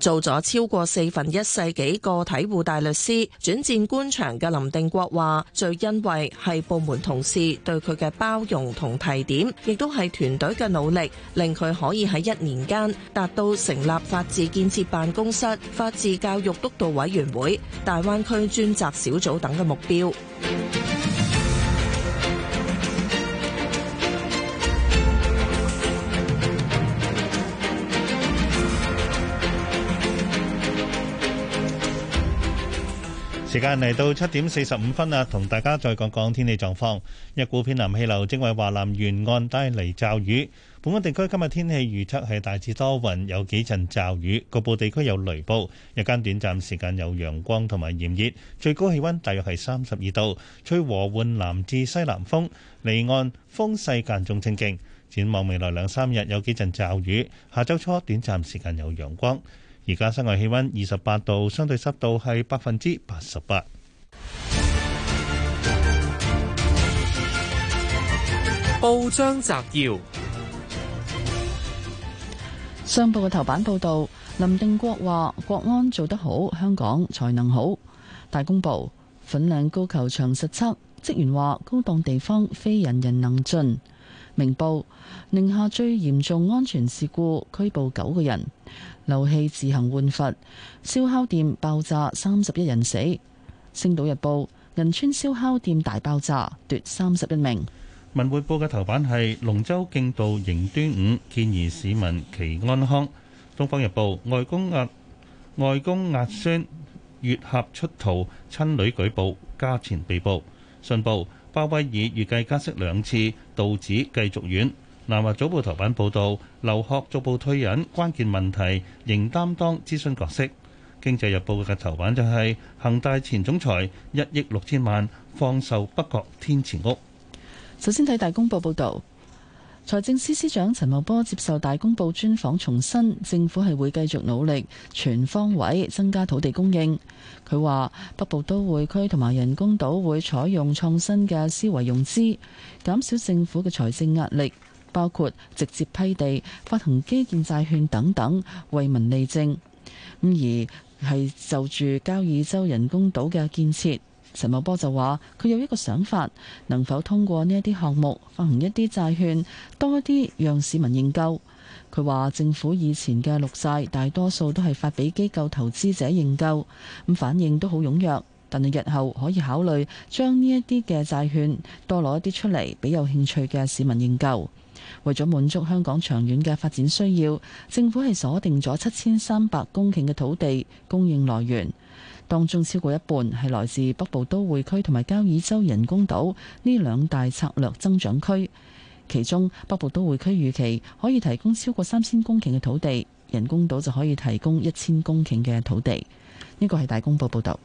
做咗超過四分一世紀個體戶大律師，轉戰官場嘅林定國話：最欣慰係部門同事對佢嘅包容同提點，亦都係團隊嘅努力，令佢可以喺一年間達到成立法治建設辦公室、法治教育督導委員會、大灣區專責小組等嘅目標。時間嚟到七點四十五分啦，同大家再講講天氣狀況。一股偏南氣流正為華南沿岸帶嚟驟雨。本港地區今日天，天氣預測係大致多雲，有幾陣驟雨，局部地區有雷暴，日間短暫時間有陽光同埋炎熱，最高氣温大約係三十二度，吹和緩南至西南風，離岸風勢間中清勁。展望未來兩三日有幾陣驟雨，下周初短暫時間有陽光。而家室外氣溫二十八度，相對濕度係百分之八十八。報章摘要：商報嘅頭版報道，林定國話國安做得好，香港才能好。大公報：粉嶺高球場實測，職員話高檔地方非人人能進。明報：寧夏最嚴重安全事故，拘捕九個人。漏氣自行換閥，燒烤店爆炸，三十一人死。《星島日報》：銀川燒烤店大爆炸，奪三十一命。《文匯報》嘅頭版係龍舟競渡迎端午，建議市民祈安康。《東方日報》：外公壓外公壓孫，月合出逃，親女舉報，家前被捕。《信報》：鮑威爾預計加息兩次，道指繼續軟。南華早報頭版報道，劉鶴逐步退隱，關鍵問題仍擔當諮詢角色。經濟日報嘅頭版就係、是、恒大前總裁一億六千萬放售北角天前屋。首先睇大公報報道，財政司司長陳茂波接受大公報專訪，重申政府係會繼續努力全方位增加土地供應。佢話北部都會區同埋人工島會採用創新嘅思維融資，減少政府嘅財政壓力。包括直接批地、發行基建債券等等，為民利政咁而係就住交椅洲人工島嘅建設，陳茂波就話：佢有一個想法，能否通過呢一啲項目發行一啲債券，多啲讓市民認購？佢話政府以前嘅綠債大多數都係發俾機構投資者認購，咁反應都好踴躍，但係日後可以考慮將呢一啲嘅債券多攞一啲出嚟，俾有興趣嘅市民認購。為咗滿足香港長遠嘅發展需要，政府係鎖定咗七千三百公頃嘅土地供應來源，當中超過一半係來自北部都會區同埋交椅洲人工島呢兩大策略增長區。其中北部都會區預期可以提供超過三千公頃嘅土地，人工島就可以提供一千公頃嘅土地。呢、這個係大公報報道。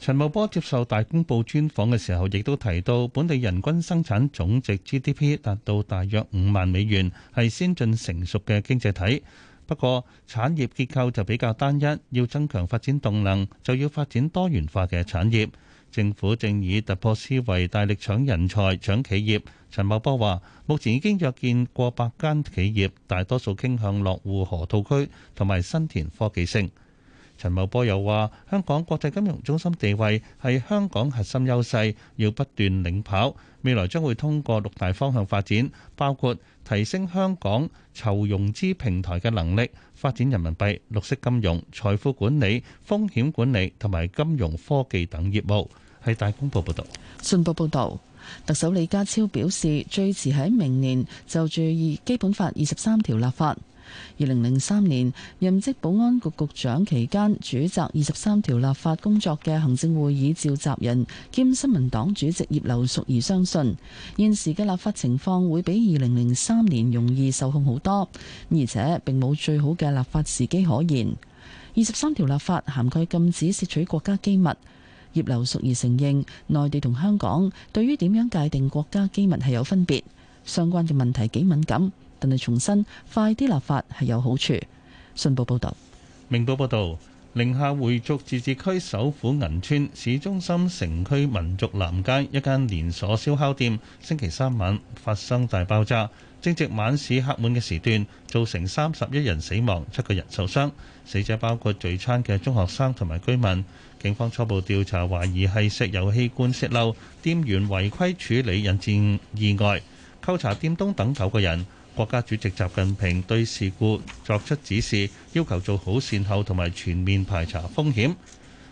陳茂波接受《大公報》專訪嘅時候，亦都提到本地人均生產總值 GDP 達到大約五萬美元，係先進成熟嘅經濟體。不過產業結構就比較單一，要增強發展動能，就要發展多元化嘅產業。政府正以突破思維，大力搶人才、搶企業。陳茂波話：目前已經約見過百間企業，大多數傾向落戶河套區同埋新田科技城。陳茂波又話：香港國際金融中心地位係香港核心優勢，要不斷領跑。未來將會通過六大方向發展，包括提升香港籌融資平台嘅能力，發展人民幣、綠色金融、財富管理、風險管理同埋金融科技等業務。係大公報報道，信報報道，特首李家超表示，最遲喺明年就注意《基本法》二十三條立法。二零零三年任職保安局局長期間，主責二十三條立法工作嘅行政會議召集人兼新民黨主席葉劉淑儀相信，現時嘅立法情況會比二零零三年容易受控好多，而且並冇最好嘅立法時機可言。二十三條立法涵蓋禁止竊取國家機密，葉劉淑儀承認內地同香港對於點樣界定國家機密係有分別，相關嘅問題幾敏感。但係，重新快啲立法係有好處。信報報道，明報報道，寧夏回族自治區首府銀川市中心城區民族南街一間連鎖燒烤店星期三晚發生大爆炸，正值晚市客滿嘅時段，造成三十一人死亡，七個人受傷。死者包括聚餐嘅中學生同埋居民。警方初步調查，懷疑係石油氣罐洩漏，店員違規處理引致意外，扣查店東等九個人。國家主席習近平對事故作出指示，要求做好善後同埋全面排查風險。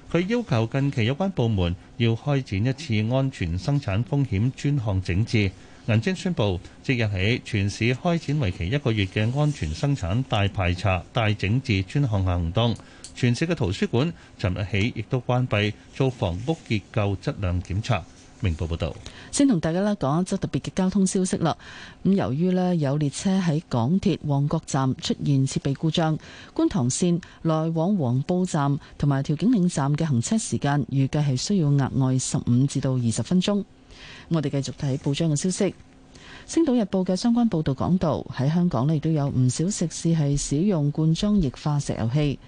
佢要求近期有關部門要開展一次安全生產風險專項整治。銀川宣布即日起全市開展為期一個月嘅安全生產大排查大整治專項行動。全市嘅圖書館尋日起亦都關閉做房屋結構質量檢查。明報報道，先同大家咧講一則特別嘅交通消息啦。咁由於呢有列車喺港鐵旺角站出現設備故障，觀塘綫來往黃埔站同埋調景嶺站嘅行車時間預計係需要額外十五至到二十分鐘。我哋繼續睇報章嘅消息，《星島日報》嘅相關報道講到，喺香港呢亦都有唔少食肆係使用罐裝液化石油氣。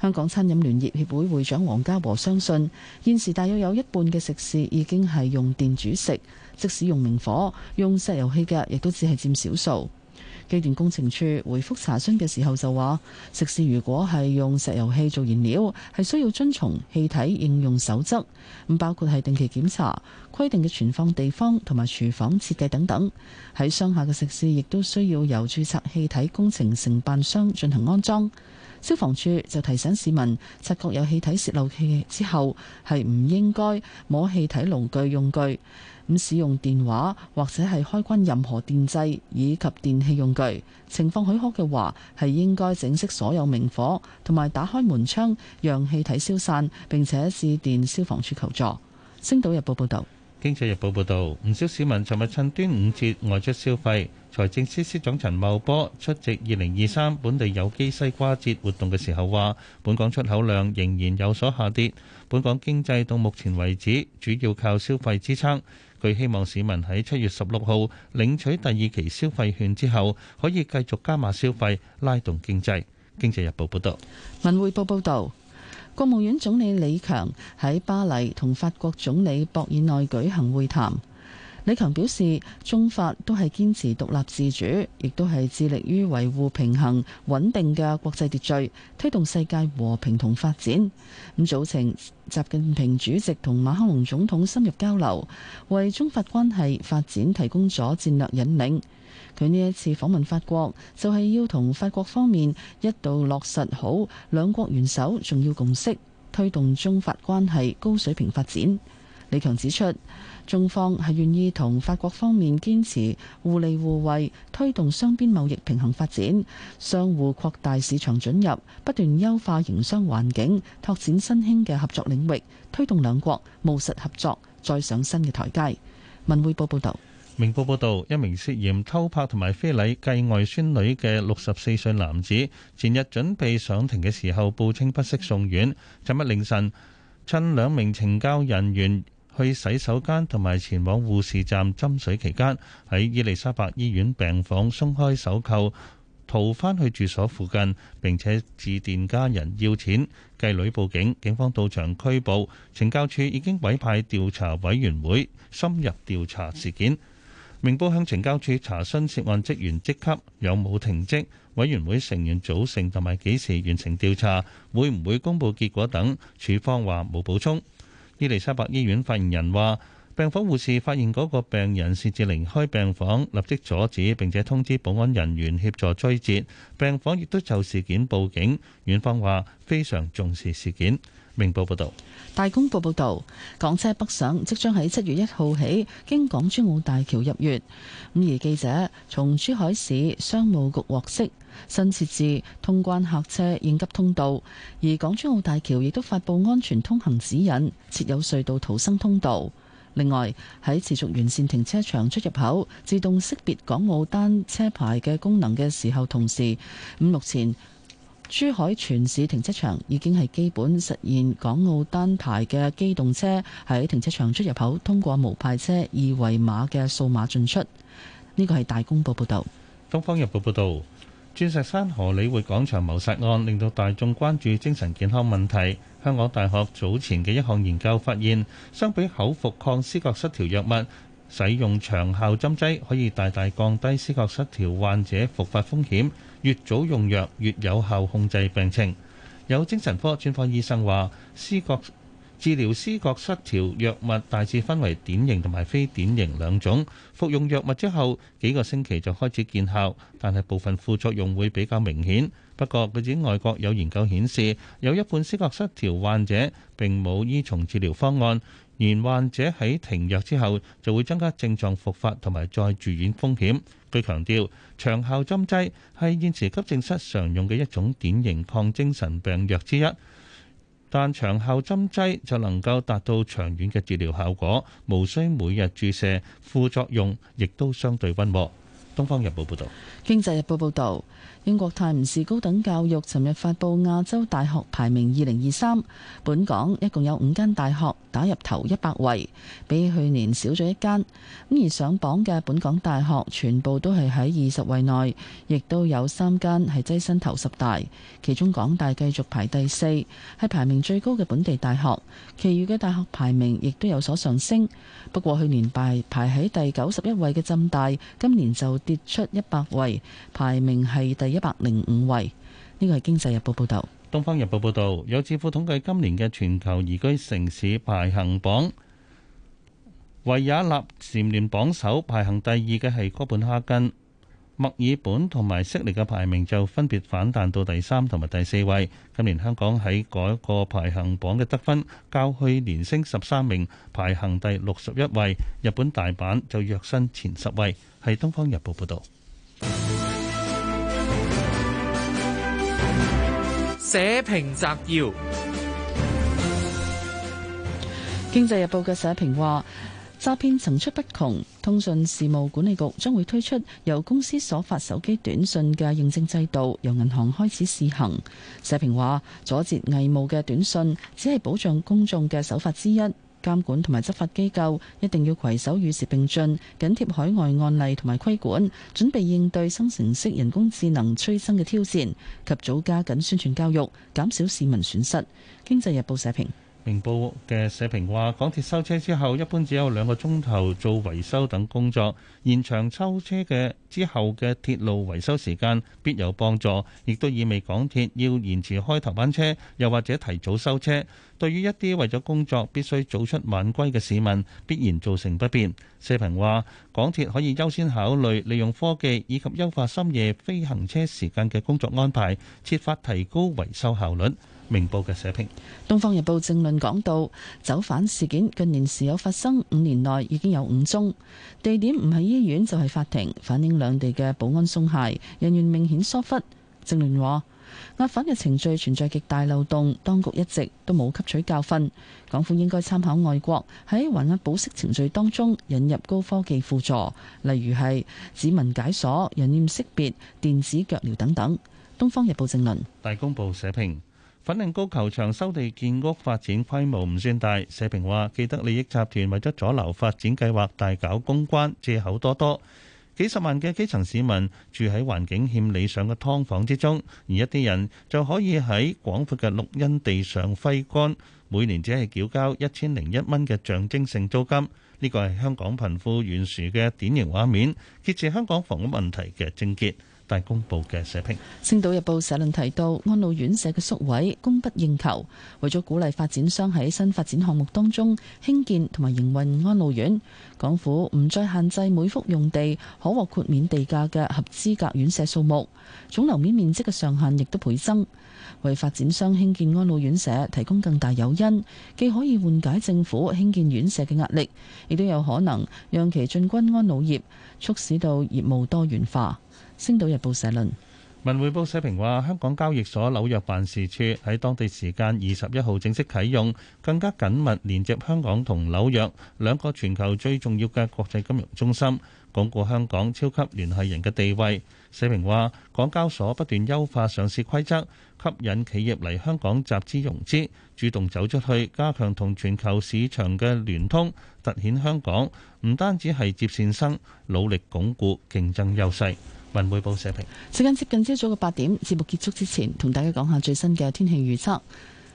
香港餐飲聯業協會會長黃家和相信，現時大約有一半嘅食肆已經係用電煮食，即使用明火，用石油氣嘅，亦都只係佔少數。機電工程處回覆查詢嘅時候就話，食肆如果係用石油氣做燃料，係需要遵從氣體應用守則，咁包括係定期檢查、規定嘅存放地方同埋廚房設計等等。喺商廈嘅食肆亦都需要由註冊氣體工程承辦商進行安裝。消防處就提醒市民，察覺有氣體洩漏氣之後，係唔應該摸氣體爐具用具，咁使用電話或者係開關任何電掣以及電器用具。情況許可嘅話，係應該整熄所有明火，同埋打開門窗，讓氣體消散，並且致電消防處求助。星島日報報道。經濟日報報導，唔少市民尋日趁端午節外出消費。財政司司長陳茂波出席二零二三本地有機西瓜節活動嘅時候話，本港出口量仍然有所下跌。本港經濟到目前為止主要靠消費支撐。佢希望市民喺七月十六號領取第二期消費券之後，可以繼續加碼消費，拉動經濟。經濟日報報導，文匯報報導。國務院總理李強喺巴黎同法國總理博爾內舉行會談。李強表示，中法都係堅持獨立自主，亦都係致力於維護平衡穩定嘅國際秩序，推動世界和平同發展。早前，習近平主席同馬克龍總統深入交流，為中法關係發展提供咗戰略引領。佢呢一次訪問法國，就係要同法國方面一度落實好兩國元首重要共識，推動中法關係高水平發展。李強指出，中方係願意同法國方面堅持互利互惠，推動雙邊貿易平衡發展，相互擴大市場准入，不斷優化營商環境，拓展新興嘅合作領域，推動兩國務實合作再上新嘅台階。文匯報報導。明報報導，一名涉嫌偷拍同埋非禮繼外孫女嘅六十四歲男子，前日準備上庭嘅時候，報稱不適送院。尋日凌晨，趁兩名懲教人員去洗手間同埋前往護士站斟水期間，喺伊利沙伯醫院病房鬆開手扣，逃返去住所附近，並且致電家人要錢。繼女報警，警方到場拘捕。懲教處已經委派調查委員會深入調查事件。明報向懲教處查詢涉案職員職級有冇停職，委員會成員組成同埋幾時完成調查，會唔會公布結果等，處方話冇補充。伊利沙伯醫院發言人話，病房護士發現嗰個病人擅自離開病房，立即阻止，並且通知保安人員協助追截，病房亦都就事件報警。院方話非常重視事件。明報報道，大公報報道，港車北上即將喺七月一號起經港珠澳大橋入粵。咁而記者從珠海市商務局獲悉，新設置通關客車應急通道，而港珠澳大橋亦都發佈安全通行指引，設有隧道逃生通道。另外喺持續完善停車場出入口自動識別港澳單車牌嘅功能嘅時候，同時咁目前。珠海全市停車場已經係基本實現港澳單牌嘅機動車喺停車場出入口通過無牌車二維碼嘅數碼進出。呢個係大公報報道。東方日報報道，鑽石山荷里活廣場謀殺案令到大眾關注精神健康問題。香港大學早前嘅一項研究發現，相比口服抗思覺失調藥物，使用長效針劑可以大大降低思覺失調患者復發風險。越早用藥，越有效控制病情。有精神科專科醫生話，思覺治療思覺失調藥物大致分為典型同埋非典型兩種。服用藥物之後幾個星期就開始見效，但係部分副作用會比較明顯。不過，佢指外國有研究顯示，有一半思覺失調患者並冇依從治療方案。而患者喺停藥之後，就會增加症狀復發同埋再住院風險。佢強調，長效針劑係現時急症室常用嘅一種典型抗精神病藥之一，但長效針劑就能夠達到長遠嘅治療效果，無需每日注射，副作用亦都相對溫和。《東方日報》報道。《經濟日報》報道。英國泰晤士高等教育尋日發佈亞洲大學排名二零二三，本港一共有五間大學打入頭一百位，比去年少咗一間。咁而上榜嘅本港大學全部都係喺二十位內，亦都有三間係躋身頭十大。其中港大繼續排第四，係排名最高嘅本地大學。其餘嘅大學排名亦都有所上升，不過去年排排喺第九十一位嘅浸大，今年就跌出一百位，排名係。第一百零五位，呢個係《經濟日報》報道。《東方日報》報道，有智庫統計今年嘅全球宜居城市排行榜，維也納蟬聯榜首，排行第二嘅係哥本哈根，墨爾本同埋悉尼嘅排名就分別反彈到第三同埋第四位。今年香港喺嗰個排行榜嘅得分較去年升十三名，排行第六十一位。日本大阪就躍升前十位，係《東方日報》報道。社評摘要：經濟日報嘅社評話，詐騙層出不窮，通訊事務管理局將會推出由公司所發手機短信嘅認證制度，由銀行開始試行。社評話，阻截偽冒嘅短信只係保障公眾嘅手法之一。監管同埋執法機構一定要携手與時並進，緊貼海外案例同埋規管，準備應對生成式人工智能催生嘅挑戰，及早加緊宣傳教育，減少市民損失。經濟日報社評。明報嘅社評話,港鐵收車之後,一般只有兩個鐘頭做維修等工作,延長收車嘅之後嘅鐵路維修時間,必有幫助,亦都意味港鐵要延遲開頭班車又或者提早收車,對於一啲為咗工作必須早出晚歸嘅市民,必然造成不便,社評話,港鐵可以優先考慮利用科技以及優化深夜飛行車時間嘅工作安排,設法提高維修效率。明報嘅社評，《東方日報正論》講到走犯事件近年時有發生，五年內已經有五宗，地點唔係醫院就係法庭，反映兩地嘅保安鬆懈，人員明顯疏忽。正論話，押犯嘅程序存在極大漏洞，當局一直都冇吸取教訓，港府應該參考外國喺還押保釋程序當中引入高科技輔助，例如係指紋解鎖、人臉識別、電子腳鐐等等。《東方日報正論》大公報社評。粉嶺高球場收地建屋發展規模唔算大，社評話：既得利益集團為咗阻撓發展計劃，大搞公關，借口多多。幾十萬嘅基層市民住喺環境欠理想嘅劏房之中，而一啲人就可以喺廣闊嘅綠茵地上揮桿，每年只係繳交一千零一蚊嘅象徵性租金。呢個係香港貧富懸殊嘅典型畫面，揭示香港房屋問題嘅症結。大公報嘅社評。星島日報社論提到，安老院舍嘅宿位供不應求，為咗鼓勵發展商喺新發展項目當中興建同埋營運安老院，港府唔再限制每幅用地可獲豁免地價嘅合資格院舍數目，總樓面面積嘅上限亦都倍增，為發展商興建安老院舍提供更大誘因，既可以緩解政府興建院舍嘅壓力，亦都有可能讓其進軍安老業，促使到業務多元化。《星島日報》社論。文匯報社評話，香港交易所紐約辦事處喺當地時間二十一號正式啟用，更加緊密連接香港同紐約兩個全球最重要嘅國際金融中心，鞏固香港超級聯繫人嘅地位。社評話，港交所不斷優化上市規則，吸引企業嚟香港集資融資，主動走出去，加強同全球市場嘅聯通，凸顯香港唔單止係接線生，努力鞏固競爭優勢。文匯報社評。時間接近朝早嘅八點，節目結束之前，同大家講下最新嘅天氣預測。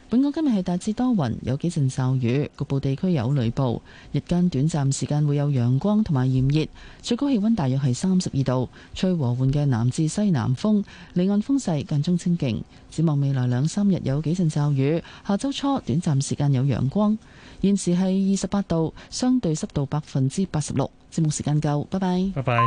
本港今日係大致多雲，有幾陣驟雨，局部地區有雷暴。日間短暫時間會有陽光同埋炎熱，最高氣溫大約係三十二度，吹和緩嘅南至西南風，離岸風勢間中清勁。展望未來兩三日有幾陣驟雨，下週初短暫時間有陽光。現時係二十八度，相對濕度百分之八十六。節目時間夠，拜拜。拜拜。